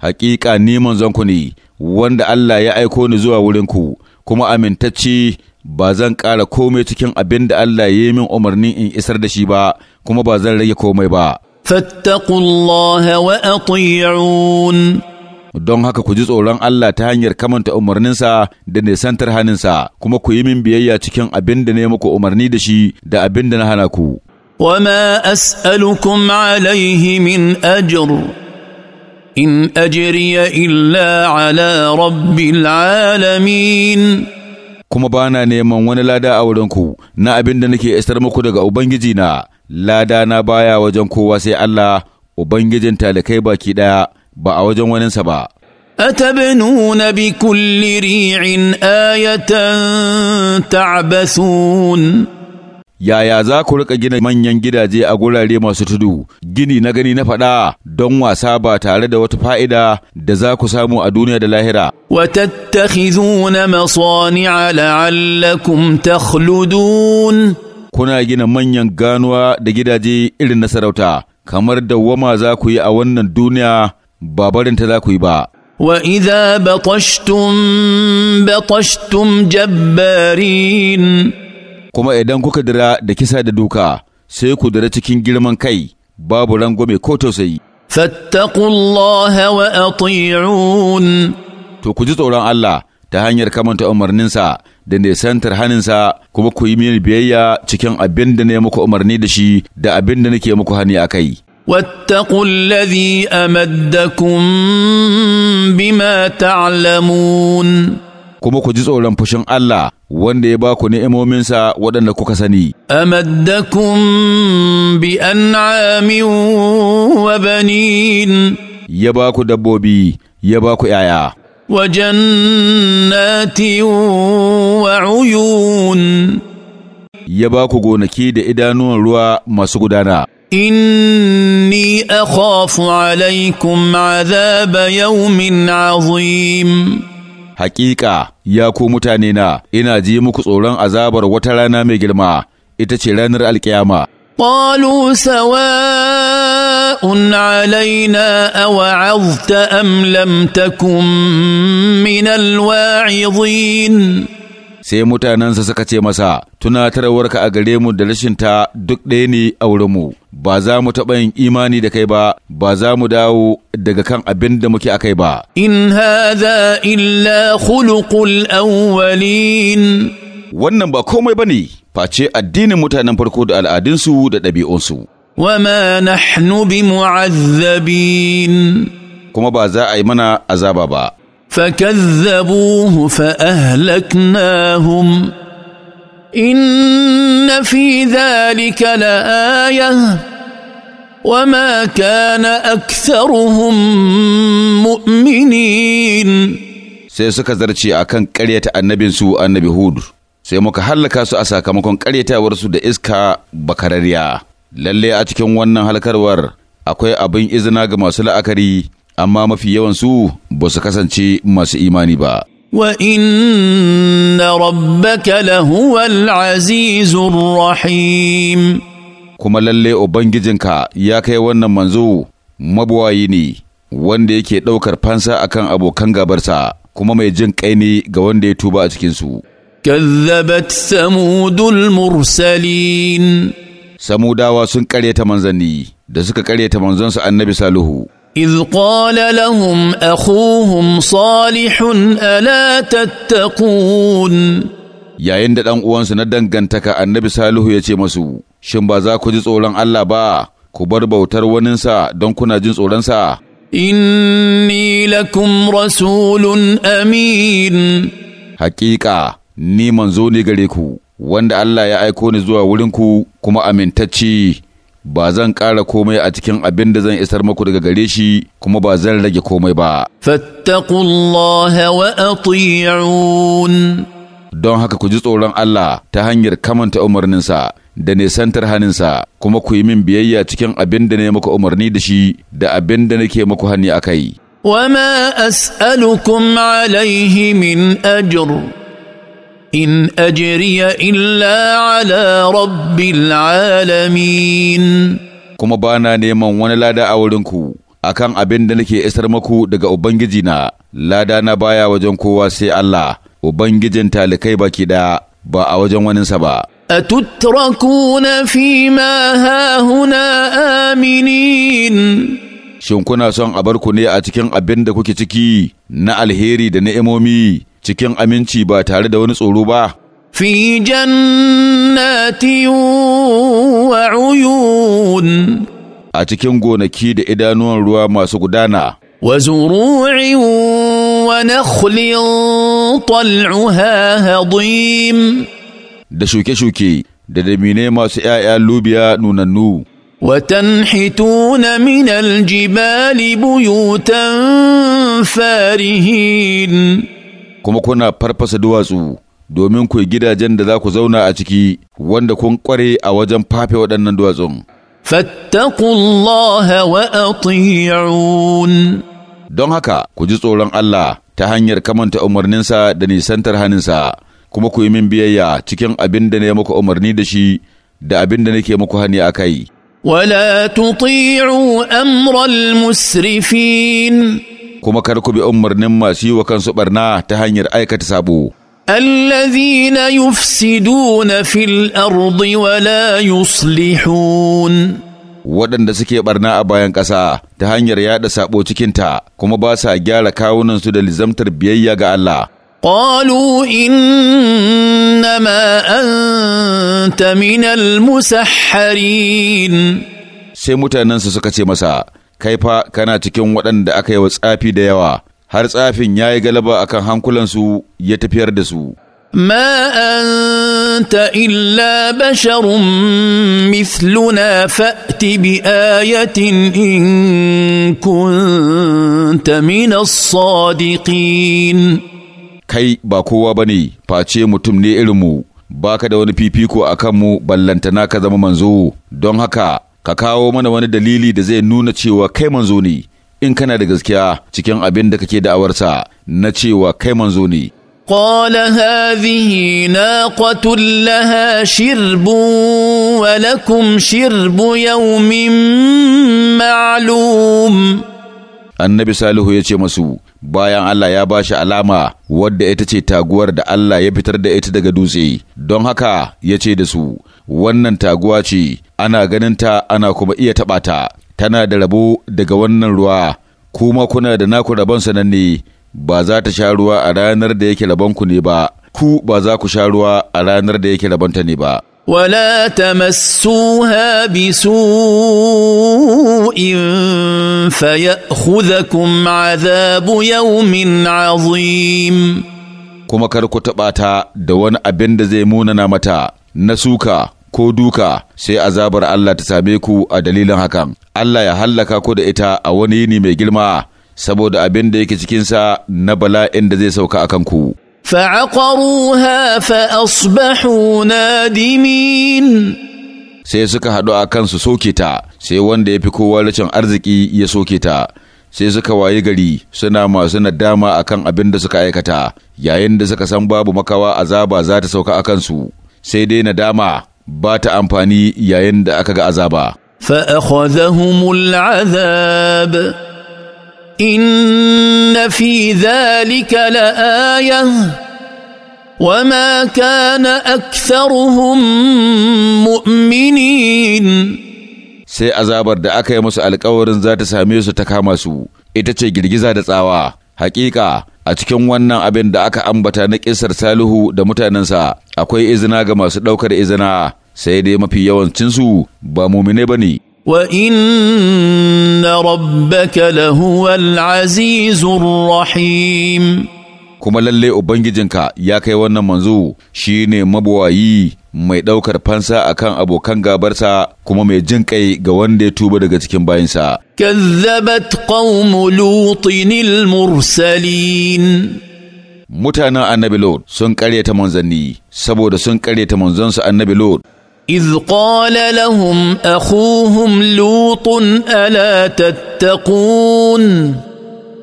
Hakika ni ku ne, wanda Allah ya aiko ni zuwa wurin ku. kuma amintacce ba zan ƙara komai cikin abin da Allah ya yi min umarni in isar da shi ba, kuma ba zan rage komai ba. fattaqullaha wa وأطيعون don haka ku ji tsoron Allah ta hanyar kamanta umarninsa da nisantar haninsa kuma ku yi min biyayya cikin abin da ne muku umarni da shi da abin da na hana ku. Wa ma as'alukum alaihi min ajr ان اجري الا على رب العالمين kuma ba na neman wani lada a wurinku na abin da nake isar muku daga ubangiji na lada na baya wajen kowa sai Allah ubangijin talakai baki daya ba a wajen waninsa ba أتبنون بكل ريع آية تعبثون Yaya za ku riƙa gina manyan gidaje a gurare masu tudu, gini na gani na faɗa don wasa ba tare da wata fa'ida da za ku samu a duniya da lahira. Watattakhizuna masani'a la'allakum takhludun. Kuna gina manyan ganuwa da gidaje irin na sarauta, kamar dawwama za ku yi a wannan duniya ba barinta za ku yi ba. وإذا بطشتم بطشتم جبارين kuma idan kuka dira da kisa da duka sai ku dira cikin girman kai babu rangwame ko tausayi. Fattakullaha wa ati'un. To ku ji tsoron Allah ta hanyar kamanta umarninsa da nesantar haninsa kuma ku yi mini biyayya cikin abin da ne muku umarni da shi da abin da nake muku hani a kai. واتقوا الذي امدكم بما تعلمون kuma ku ji tsoron fushin Allah wanda ya ba ku ni'imominsa waɗanda kuka sani. Amaddakum bi wa banin ya ba ku dabbobi ya ba ku ‘ya'ya. Wa jannati wa uyun ya ba ku gonaki da idanuwan ruwa masu gudana. inni أخاف alaikum عذاب يوم azim Hakika, ya ku mutane na, ina ji muku tsoron azabar wata rana mai girma, ita ce ranar alkiyama. قالوا سواء علينا أوعظت أم لم تكن من الواعظين sai mutanensa suka ce masa tunatarwarka a gare mu da rashinta duk ɗaya ne a mu. ba za mu taɓa yin imani da kai ba ba za mu dawo daga kan abin da muke kai ba in haza illa khuluqul awwalin wannan ba komai bane face addinin mutanen farko da al'adunsu da ɗabi'unsu wama nahnu bimu'azzabin kuma ba za a yi mana azaba ba fakazzabuhu fa ahlaknahum ان في ذلك لايه وما كان اكثرهم مؤمنين sai suka zarce a kan ƙaryata annabinsu annabi hud sai muka hallaka su a sakamakon ƙaryatawarsu da iska bakararriya lalle a cikin wannan halkarwar akwai abin izina ga masu la'akari amma mafi yawansu ba su kasance masu imani ba وان ربك لهو العزيز الرحيم kuma lalle ubangijinka ya kai wannan manzo mabuwayi ne wanda yake ɗaukar fansa akan abokan gabarsa kuma mai jin kai ne ga wanda ya tuba a cikinsu كذبت samudul mursalin samudawa sun ƙaryata manzanni da suka ƙaryata manzonsu annabi saluhu إذ قال لهم أخوهم Salihun ألا yayin da ɗan uwansu na dangantaka annabi Salihu ya ce masu, Shin ba za ku ji tsoron Allah ba, ku bar bautar waninsa don kuna jin tsoronsa? Inni lakum rasulun amin. Hakika, ni manzo ne gare ku, wanda Allah ya aiko ni zuwa wurin ku kuma amintacci. ba zan ƙara komai a cikin abin da zan isar muku daga gare shi kuma ba zan rage komai ba. Fattakullaha wa atiyun. Don haka ku ji tsoron Allah ta hanyar kamanta umarninsa da nisantar haninsa kuma ku yi min biyayya cikin abin da ne muku umarni da shi da abin da nake muku hani a kai. Wama as'alukum alaihi min ajr. ان اجري الا على رب العالمين kuma ba na neman wani lada a wurinku akan abin da nake isar maku daga ubangiji na lada na baya wajen kowa sai Allah ubangijin talikai baki ɗaya ba a wajen waninsa ba atutrakuna fi ma hahuna aminin shin kuna son a barku ne a cikin abin da kuke ciki na alheri da ni'imomi cikin aminci ba tare da wani tsoro ba. Fi jannati wa uyun. A cikin gonaki da idanuwan ruwa masu gudana. Wa zuru'in wa nakhlin Da shuke-shuke da damine masu ‘ya'ya lubiya nunannu. وتنحتون من الجبال بيوتا فارهين kuma kuna farfasa duwatsu domin ku gidajen da za ku zauna a ciki wanda kun kware a wajen fafe waɗannan duwatsun. Fattakullaha wa atiyun. Don haka ku ji tsoron Allah ta hanyar kamanta umarninsa da nisantar haninsa, kuma ku yi min biyayya cikin abin da na muku umarni da shi da abin da nake muku hani a kai. Wala tuti'u amral musrifin. kuma kar ku bi umarnin masu yi wa kansu barna ta hanyar aikata sabo. الذين fil a'rdi wa ولا يصلحون waɗanda suke barna a bayan ƙasa ta hanyar yaɗa saɓo cikinta kuma ba sa gyara kawunansu da lizamtar biyayya ga Allah. قالوا إنما أنت من المسحرين sai mutanensu suka ce masa kai fa kana cikin waɗanda aka yi wa tsafi da yawa har tsafin ya yi galaba akan hankulansu ya tafiyar da su ما illa basharun بشر مثلنا فات in ان كنت من sadiqin kai ba kowa bane face mutum ne irinmu ba ka da wani fifiko a kanmu ballantana ka zama manzo don haka ka kawo mana wani dalili da zai nuna cewa kai manzo ne in kana da gaskiya cikin abin da kake sa, na cewa kai manzo ne قال هذه ناقة لها شرب ولكم شرب يوم معلوم annabi salihu ya ce masu bayan Allah ya ba shi alama wadda ita ce taguwar da Allah ya fitar da ita daga dutse don haka ya ce da su wannan taguwa ce ana ganin ta ana kuma iya taɓa ta tana da rabo daga wannan ruwa kuma kuna da naku rabon sananne ba za ta sha ruwa a ranar da yake rabonku ne ba ku ba za ku sha ruwa a ranar da yake rabonta ne ba ولا تمسوها بسوء فياخذكم عذاب يوم عظيم kuma kar ku taɓa ta da wani abin da zai munana mata na suka ko duka sai azabar Allah ta same ku a dalilin hakan Allah ya hallaka ku da ita a wani yini mai girma saboda abin da yake cikinsa na bala'in da zai sauka a kanku. فعقروها فأصبحوا نادمين sai suka haɗu a kansu soke ta sai wanda ya fi kowa rashin arziki ya soke ta sai suka wayi gari suna masu nadama a kan abin da suka aikata yayin da suka san babu makawa azaba za ta sauka a kansu sai dai nadama ba ta amfani yayin da aka ga azaba. فأخذهم العذاب fi في la'aya wa وما na أكثرهم mu’minin. sai azabar da aka yi musu alkawarin za ta same su ta kama su ita ce girgiza da tsawa Hakika a cikin wannan abin da aka ambata na kisar Salihu da mutanensa akwai izina ga masu ɗaukar izina sai dai mafi yawancinsu ba mumine ba ne. وان rabbaka لهو العزيز الرحيم kuma lalle Ubangijinka ya kai wannan manzo shi ne mabuwayi mai ɗaukar fansa a kan abokan gabarsa kuma mai jin kai ga wanda ya tuba daga cikin bayansa Kazzabat qaumu lutinil mursalin Mutanen annabi Lord sun ƙaryata manzanni saboda sun ƙaryata manzansu annabi Lord إذ قال لهم أخوهم لوط ألا تتقون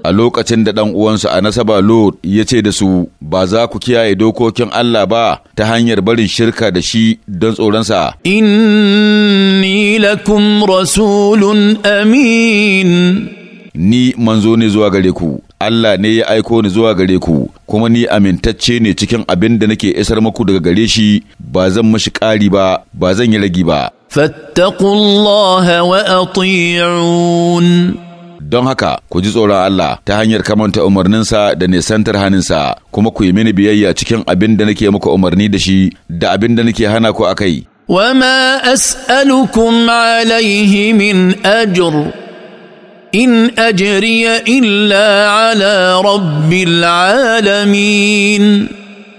a lokacin da ɗan uwansa a nasaba Lot ya ce da su, Ba za ku kiyaye dokokin Allah ba ta hanyar barin shirka da shi don tsoronsa. Inni lakum rasulun amin. Ni manzo ne zuwa gare ku, Allah ne ya aiko ni zuwa gare ku, kuma ni amintacce ne cikin abin da nake isar muku daga gare shi, ba zan mashi ƙari ba, ba zan yi ragi ba. Fattakullaha wa don haka ku ji tsoron Allah ta hanyar kamanta umarninsa da nisantar haninsa kuma ku yi mini biyayya cikin abin da nake muku umarni da shi da abin da nake hana ku akai Wama as'alukum alaihi min اجر in اجري illa ala rabbil alamin.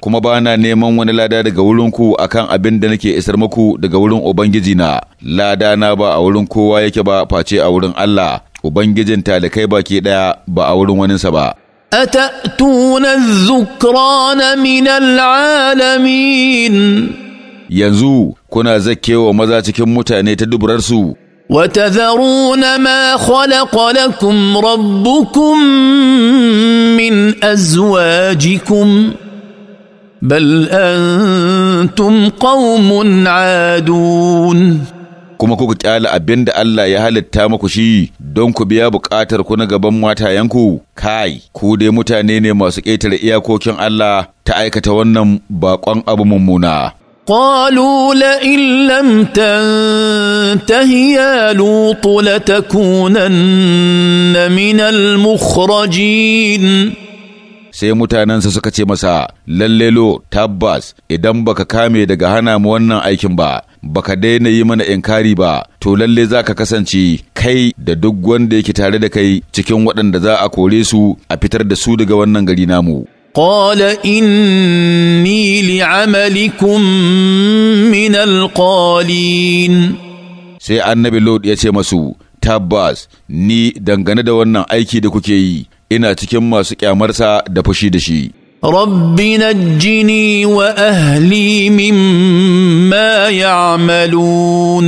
kuma ba na neman wani lada daga wurinku kan abin da nake isar muku daga wurin Ubangiji na, lada na ba a wurin kowa yake ba face a wurin Allah Ubangijin talakai baki daya ba a wurin waninsa ba. أتأتون الذكران من العالمين ينزو كنا زكي ومذا تكم متاني تدبررسو وتذرون ما خلق لكم ربكم من أزواجكم بل أنتم قوم عادون kuma kuka kyala abin da Allah ya halitta muku shi don ku biya buƙatar ku na gaban matayenku kai ku dai mutane ne masu ƙetare iyakokin Allah ta aikata wannan baƙon abu mummuna قالوا لئن لم تنته يا لوط لتكونن من المخرجين sai mutanensa suka ce masa lallelo, tabbas idan baka kame daga hana mu wannan aikin ba baka daina yi mana inkari ba to lalle za ka kasance kai da duk wanda yake tare da kai cikin waɗanda za a kore su a fitar da su daga wannan gari namu قال إني لعملكم من القالين sai annabi Lord ya ce masu tabbas ni dangane da wannan aiki da kuke yi ina cikin masu kyamarsa da fushi da shi رب نجني واهلي مما يعملون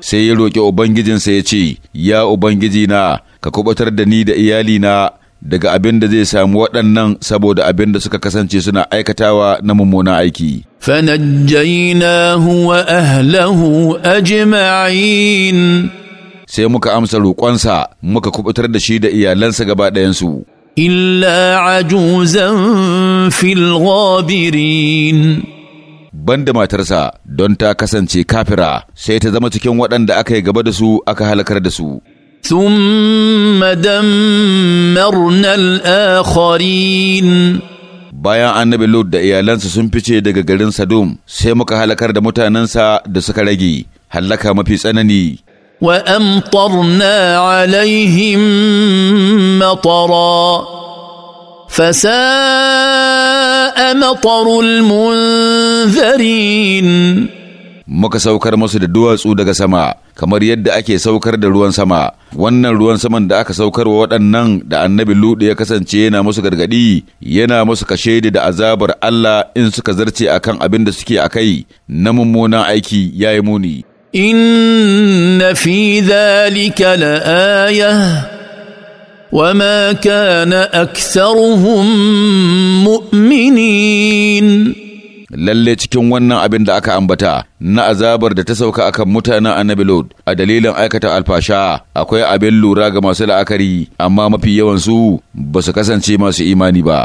sai ya roƙi Ubangijinsa ya ce, Ya Ubangijina, ka kubatar da ni da iyalina daga abin da zai samu waɗannan saboda abin da suka kasance suna aikatawa na mummunan aiki. فنجيناه وأهله ajma'in sai muka amsa roƙonsa muka kubutar da shi da iyalansa gaba ɗayansu. إلا عجوزا في الغابرين banda matarsa don ta kasance kafira sai ta zama cikin waɗanda aka yi gaba da su aka halakar da su ثم دمرنا الآخرين bayan annabi Lut da iyalansa sun fice daga garin Sadum sai muka halakar da mutanensa da suka rage hallaka mafi tsanani وامطرنا عليهم مطرا فساء مطر المنذرين muka saukar musu da duwatsu daga sama kamar yadda ake saukar da ruwan sama wannan ruwan saman da aka saukar wa waɗannan da annabi luɗu ya kasance yana musu gargaɗi yana musu kashedi da azabar Allah in suka zarce akan abin da suke a kai, na mummunan aiki ya yi muni ان في ذلك لايه وما كان اكثرهم مؤمنين lalle cikin wannan abin da aka ambata na azabar da ta sauka akan mutanen annabi lod a dalilin aikata alfasha akwai abin lura ga masu la'akari amma mafi yawansu ba su kasance masu imani ba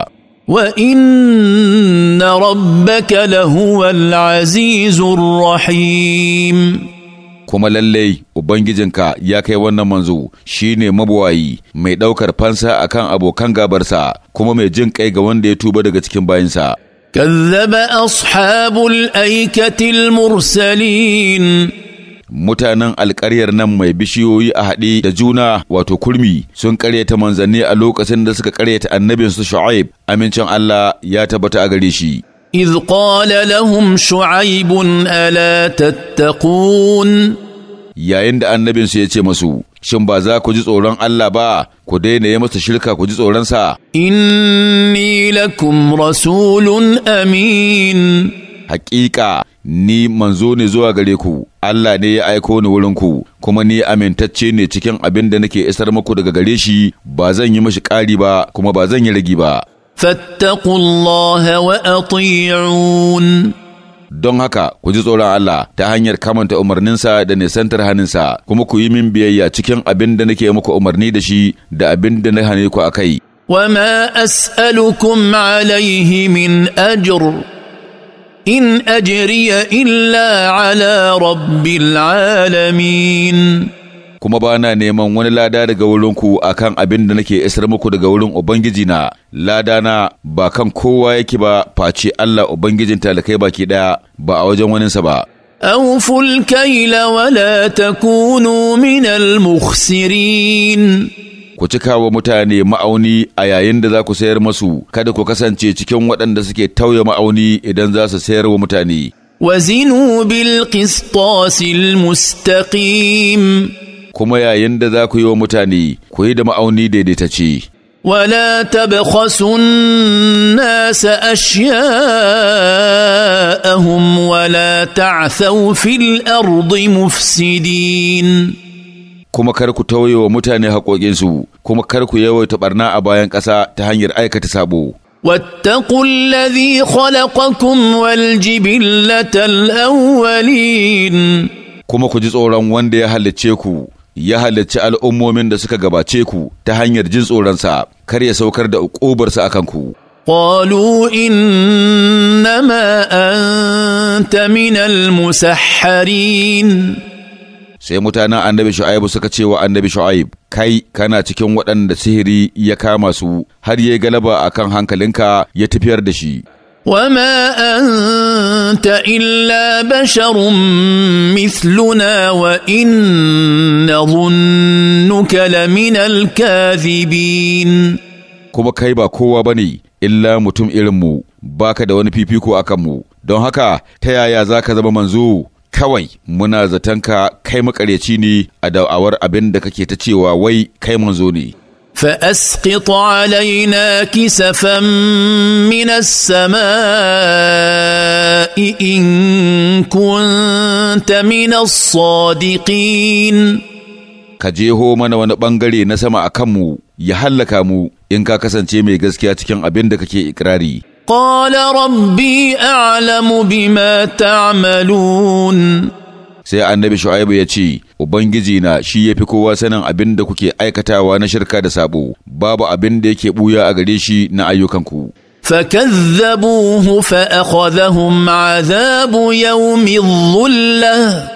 وان rabbaka لهو العزيز rahim. kuma lallai Ubangijinka ya kai wannan manzo shi ne mabuwayi mai ɗaukar fansa akan abokan gabarsa kuma mai jin kai ga wanda ya tuba daga cikin bayansa. Kazzaba ashabul aikatil mursalin. mutanen alkaryar nan mai bishiyoyi a haɗe da juna wato kurmi sun karyata manzanni a lokacin da suka karyata annabinsu shu'aib amincin Allah ya tabbata a gare shi اذ قال لهم شعيب الا تتقون yayin da annabinsu ya ce masu shin ba za ku ji tsoron Allah ba ku daina yi masa shirka ku ji tsoronsa inni lakum rasulun amin Haƙiƙa ni manzo ne zuwa gare ku Allah ne ya aiko ni wurin ku kuma ni amintacce ne cikin abin da nake isar muku daga gare shi ba zan yi mashi ƙari ba kuma ba zan yi ragi ba فاتقوا الله وأطيعون don haka ku ji tsoron Allah ta hanyar kamanta umarninsa da nisantar haninsa kuma ku yi min biyayya cikin abin da nake muku umarni da shi da abin da na hane ku a kai. وما أسألكم عليه من أجر إن أجري إلا على رب العالمين kuma ba na neman wani lada daga wurinku a kan abin da nake isar muku daga wurin Ubangiji na, lada na ba kan kowa yake ba face Allah Ubangijin talakai baki ɗaya ba a wajen waninsa ba. أوفوا الكيل ولا تكونوا من المخسرين ku cika wa mutane ma'auni a yayin da za ku sayar masu kada ku kasance cikin waɗanda suke tauye ma'auni idan za su sayar wa mutane wazinu bil qistasil mustaqim kuma yayin da za ku yi wa mutane ku yi da ma'auni daidaitacce ولا تبخسوا ahun wala ta تعثوا في الارض مفسدين kuma kar ku tauye wa mutane haƙoƙinsu kuma kar ku yawaita ɓarna a bayan ƙasa ta hanyar aikata sabo واتقوا الذي خلقكم والجبلة awalin. kuma ku ji tsoron wanda ya halicce ku ya halarci al'ummomin da suka gabace ku ta hanyar jin tsoronsa kar ya saukar da ƙobarsa a kanku. قالوا إنما taminal minal musaharin. sai mutanen annabi shu'aibu suka ce wa annabi shu'aib kai kana cikin waɗanda sihiri ya kama su har ya galaba akan hankalinka ya tafiyar da shi وما انت الا بشر مثلنا وان نظنك لمن الكاذبين kuma kai ba kowa ba ne illa mutum irinmu ba ka da wani fifiko a kanmu don haka ta yaya za ka zama manzo kawai muna zaton ka kai makareci ne a da'awar abin da kake ta cewa wai kai manzo ne فاسقط علينا كسفا من السماء ان كنت من الصادقين ka jeho mana wani ɓangare na sama a kanmu ya hallaka mu in ka kasance mai gaskiya cikin abin da kake ikirari. Qala rabbi a'lamu bima ta'malun sai annabi shu'aibu ya ce Ubangiji na shi ya fi kowa sanin abin da kuke aikatawa na shirka da sabo, babu abin da yake buya a gare shi na ayyukanku. فكذبوه فأخذهم عذاب يوم الظلة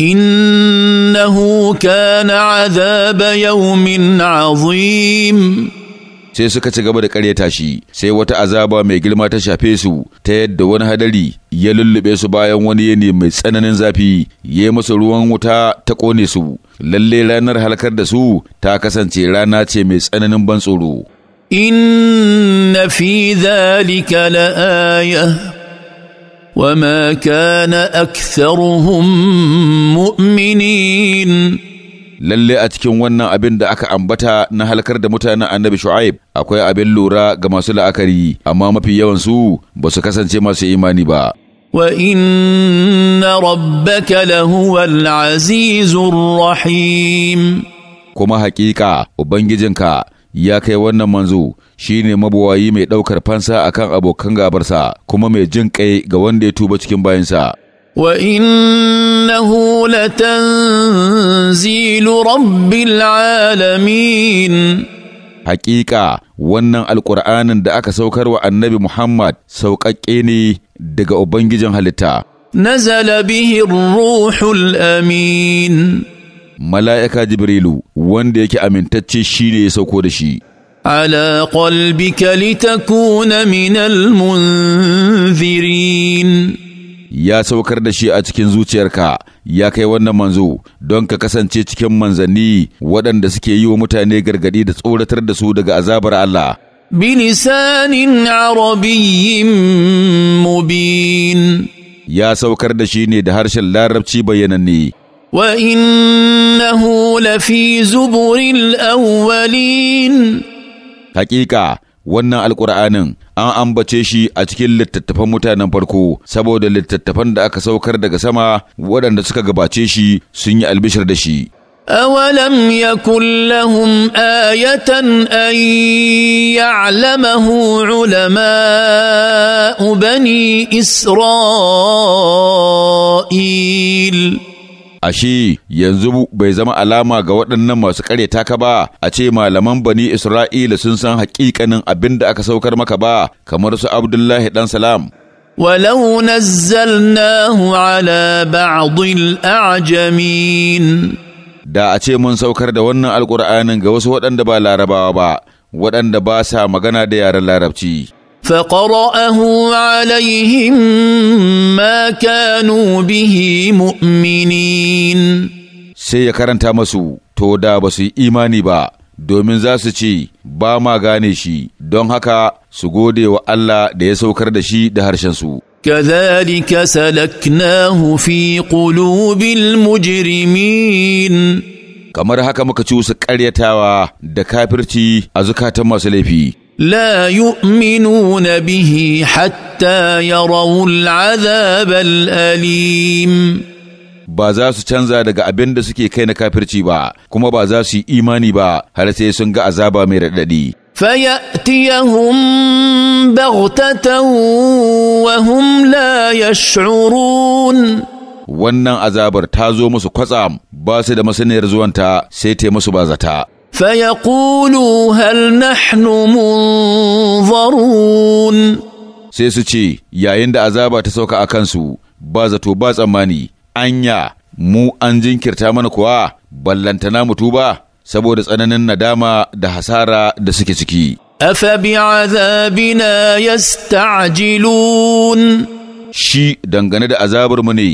إنه كان عذاب يوم عظيم sai suka ci gaba da ƙaryata shi sai wata azaba mai girma ta shafe su ta yadda wani hadari ya lullube su bayan wani yini mai tsananin zafi ya musu ruwan wuta ta ƙone su lalle ranar halakar da su ta kasance rana ce mai tsananin ban tsoro إن في ذلك لآية وما كان أكثرهم مؤمنين lalle a cikin wannan abin da aka ambata na halkar da mutanen annabi shu'aib akwai abin lura ga masu la'akari amma mafi yawan su ba su kasance masu imani ba Wa وان ربك لهو azizur rahim kuma hakika ubangijinka ya kai wannan manzo shine mabuwayi mai ɗaukar fansa akan abokan gabarsa kuma mai jin kai ga wanda ya tuba cikin bayansa hula لتنزيل رب العالمين Haƙiƙa, wannan alƙur'anin da aka saukar wa annabi Muhammad sauƙaƙƙe ne daga Ubangijin halitta. Nazala bihi ruhul amin. Mala'ika Jibrilu, wanda yake amintacce shi ne ya sauko da shi. Ala qalbika litakuna minal munzirin. ya saukar da shi a cikin zuciyarka ya kai wannan manzo don ka kasance cikin manzanni waɗanda suke yi wa mutane gargaɗi da tsoratar da su daga azabar Allah. Ya da shi ne da harshen larabci دهرش Wa inna وإنه lafi zuburin awwalin. Haƙiƙa. wannan alkur'anin an ambace shi a cikin littattafan mutanen farko saboda littattafan da aka saukar daga sama waɗanda suka gabace shi sun yi albishir da shi أولم يكن لهم آية أن يعلمه علماء بني إسرائيل ashe yanzu bai zama alama ga waɗannan masu ƙaryata ka ba a ce malaman bani Isra'ila sun san haƙiƙanin abin da aka saukar maka ba kamar su Abdullahi ɗan salam. ولو نزلناه على بعض الأعجمين da a ce mun saukar da wannan alƙur'anin ga wasu waɗanda ba larabawa ba waɗanda ba sa magana da yaren larabci فقراه عليهم ما كانوا به مؤمنين sai ya karanta masu to da ba su yi imani ba domin za su ce ba ma gane shi don haka su gode wa Allah da ya saukar da shi da harshensu. كذلك سلكناه في قلوب mujirimin. kamar haka muka ci su ƙaryatawa da kafirci a zukatan masu laifi لا يؤمنون به حتى يروا العذاب الأليم ba za su canza daga abin da suke kai na kafirci ba kuma ba za su yi imani ba har sai sun ga azaba mai raɗaɗi. فيأتيهم بغتة وهم لا يشعرون wannan azabar ta zo musu kwatsam ba su da masaniyar zuwanta sai ta musu bazata. فيقولوا هل نحن منظرون sai su ce yayin da azaba ta sauka a kansu ba zato ba tsammani anya mu an jinkirta mana kuwa ballantana mutu ba saboda tsananin nadama da hasara da suke ciki afabi'azabina yasta'jilun shi dangane da azabar mu ne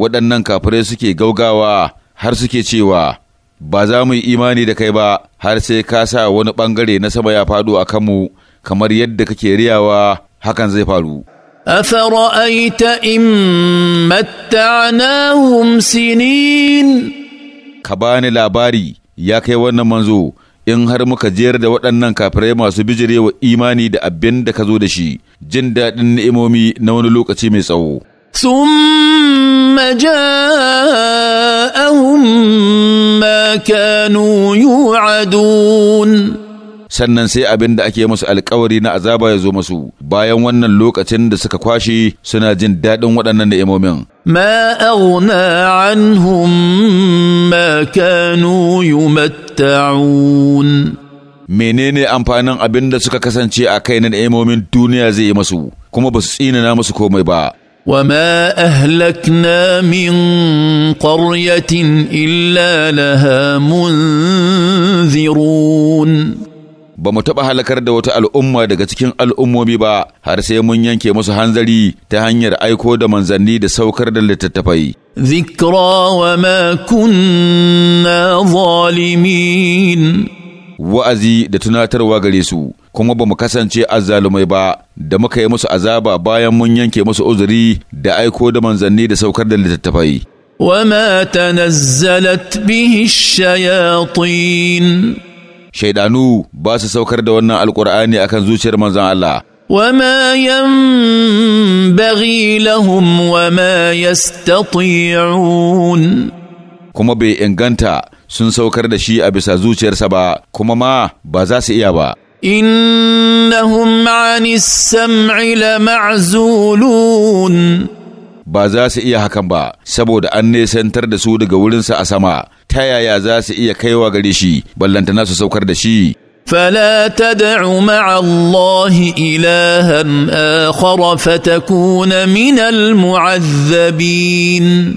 waɗannan kafirai suke gaugawa har suke cewa ba za mu yi imani da kai ba har sai ka sa wani ɓangare na sama ya faɗo a kanmu kamar yadda kake riyawa hakan zai faru. أفرأيت إن متعناهم سنين كباني labari ya kai wannan manzo in har muka jiyar da waɗannan kafirai masu bijirewa imani da abin da ka zo da shi jin daɗin ni'imomi na wani lokaci mai tsawo ثم جاءهم ما كانوا يوعدون sannan sai abin da ake musu alkawari na azaba ya zo musu bayan wannan lokacin da suka kwashe suna jin daɗin waɗannan ni'imomin. Ma aghna anhum ma kanu yumatta'un Menene amfanin abin da suka kasance a kai na ni'imomin duniya zai yi musu kuma ba su tsinana musu komai ba وما اهلكنا من قريه الا لها منذرون ba mu taɓa halakar da wata al'umma daga cikin al'ummomi ba har sai mun yanke musu hanzari ta hanyar aiko da manzanni da saukar da littattafai. Zikra wa ma kunna zalimin. wa'azi da tunatarwa gare su kuma ba mu kasance azzalumai ba da muka yi musu azaba bayan mun yanke musu uzuri da aiko da manzanni da saukar da littattafai وما تنزلت bihi الشياطين shaidanu ba su saukar da wannan alkur'ani akan zuciyar manzan Allah وما ينبغي لهم وما يستطيعون kuma bai inganta sun saukar da shi a bisa zuciyarsa ba kuma ma ba za su iya ba innahum ani sam'i lama'zulun ba za su iya hakan ba saboda an nesantar da su daga wurinsa a sama ta yaya za su iya kaiwa gare shi ballantana su saukar da shi فلا تدع مع الله إلها آخر فتكون من المعذبين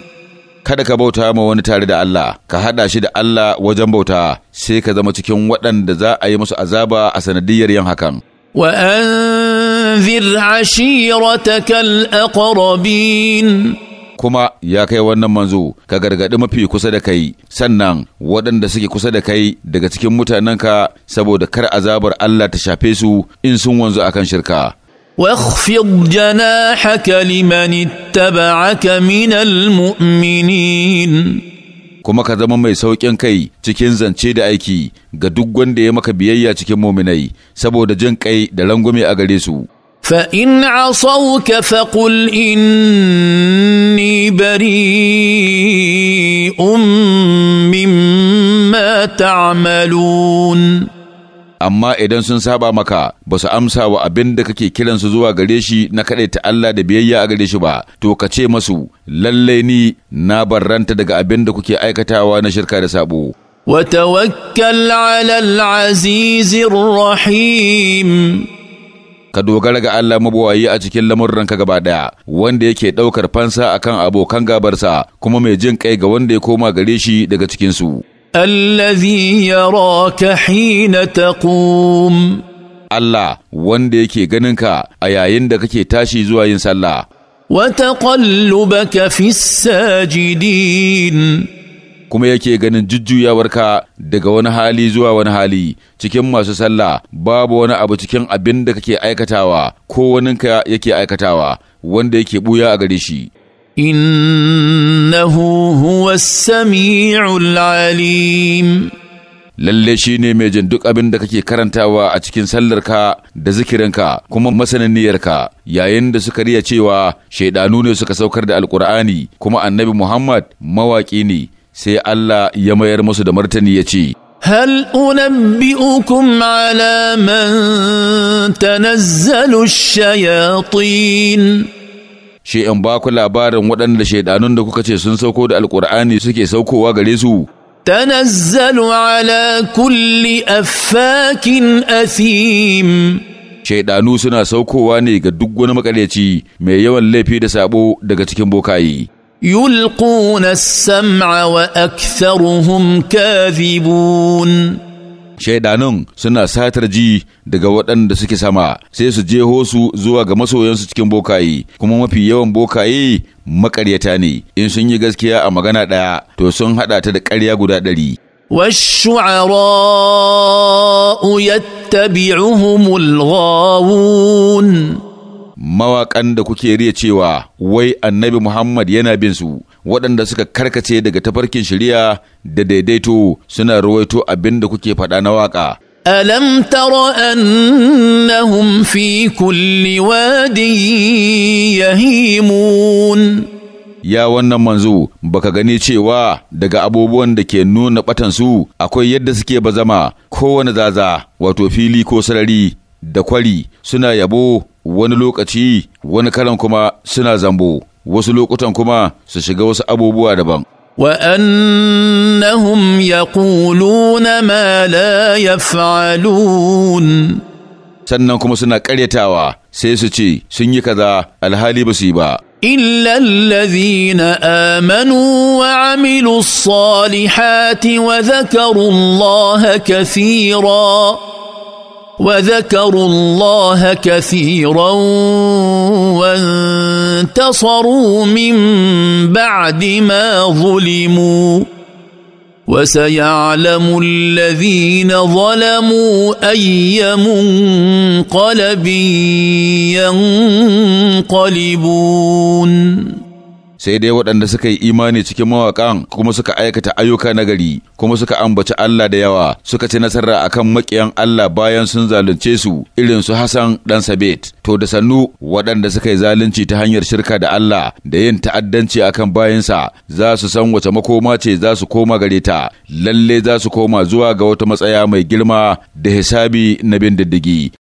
kada ka bauta ma wani tare da Allah ka hada shi da Allah wajen bauta sai ka zama cikin waɗanda za a yi musu azaba a sanadiyar yin hakan وأنذر عشيرتك الأقربين kuma ya kai wannan manzo ka gargaɗi mafi kusa da kai sannan waɗanda suke kusa da kai daga cikin mutanenka saboda kar azabar Allah ta shafe su in sun wanzu akan shirka واخفض جناحك لمن اتبعك من المؤمنين kuma ka zama mai sauƙin kai cikin zance da aiki ga duk wanda ya maka biyayya cikin muminai saboda jin kai da rangwame a gare su in عصوك فقل إني بريء مما تعملون amma idan sun saba maka ba su amsa wa abin da kake kiransu zuwa gare shi na kaɗai ta Allah da biyayya a gare shi ba to ka ce masu lallai ni na barranta daga abin da kuke aikatawa na shirka da sabo Wata ka dogara ga Allah mabuwayi a cikin lamurranka gaba ɗaya wanda yake ɗaukar fansa akan abokan gabarsa kuma mai jin kai ga wanda ya koma gare shi daga cikinsu. الذي يراك حين تقوم الله wanda yake ganinka a yayin da kake tashi zuwa yin sallah وتقلبك في الساجدين kuma yake ganin jujjuyawarka daga wani hali zuwa wani hali cikin masu sallah babu wani abu cikin abin da kake aikatawa ko waninka yake aikatawa wanda yake buya a gare shi إنه هو السميع العليم lalle shi ne mai jin duk abin da kake karantawa a cikin sallarka da zikirinka kuma niyyarka, yayin da suka riya cewa shaidanu ne suka saukar da alkur'ani kuma annabi muhammad mawaƙi ne sai allah ya mayar musu da martani ya ce هل انبئكم على من تنزل الشياطين shi in ba ku labarin waɗanda shaidanun da kuka ce sun sauko da alkur'ani suke saukowa gare su tanazzalu ala kulli affakin asim shaidanu suna saukowa ne ga duk wani makareci mai yawan laifi da sabo daga cikin bokayi yulquna sama wa aktharuhum kadhibun shaidanun suna satar ji daga waɗanda suke sama sai su jeho su zuwa ga masoyansu cikin bokaye kuma mafi yawan bokaye makaryata ne in sun yi gaskiya a magana ɗaya to sun haɗa ta da ƙarya guda ɗari والشعراء يتبعهم الغاوون mawaƙan da kuke riya cewa wai annabi Muhammad yana bin su waɗanda suka karkace daga tafarkin shirya da daidaito suna ruwaito abin da kuke faɗa na waƙa. ألم تر أنهم في كل واد يهيمون Ya wannan manzo baka gani cewa daga abubuwan da ke nuna batansu akwai yadda suke zama? kowane zaza wato fili ko sarari da kwari suna yabo wani lokaci wani karan kuma suna zambo. wasu lokutan kuma su shiga wasu abubuwa daban وانهم يقولون ما لا يفعلون sannan kuma suna ƙaryatawa sai su ce sun yi kaza alhali ba su yi ba إلا الذين آمنوا وعملوا الصالحات وذكروا الله كثيراً وذكروا الله كثيرا وانتصروا من بعد ما ظلموا وسيعلم الذين ظلموا اي منقلب ينقلبون sai dai waɗanda suka yi imani cikin mawaƙan kuma suka aikata ayyuka nagari kuma suka ambaci Allah da yawa suka ci nasara akan makiyan Allah bayan sun zalunce su irin su Hassan dan Sabit to da sannu waɗanda suka yi zalunci ta hanyar shirka da Allah da yin ta'addanci akan bayansa za su san wace makoma ce za su koma gare ta lalle za su koma zuwa ga wata matsaya mai girma da hisabi na bin diddigi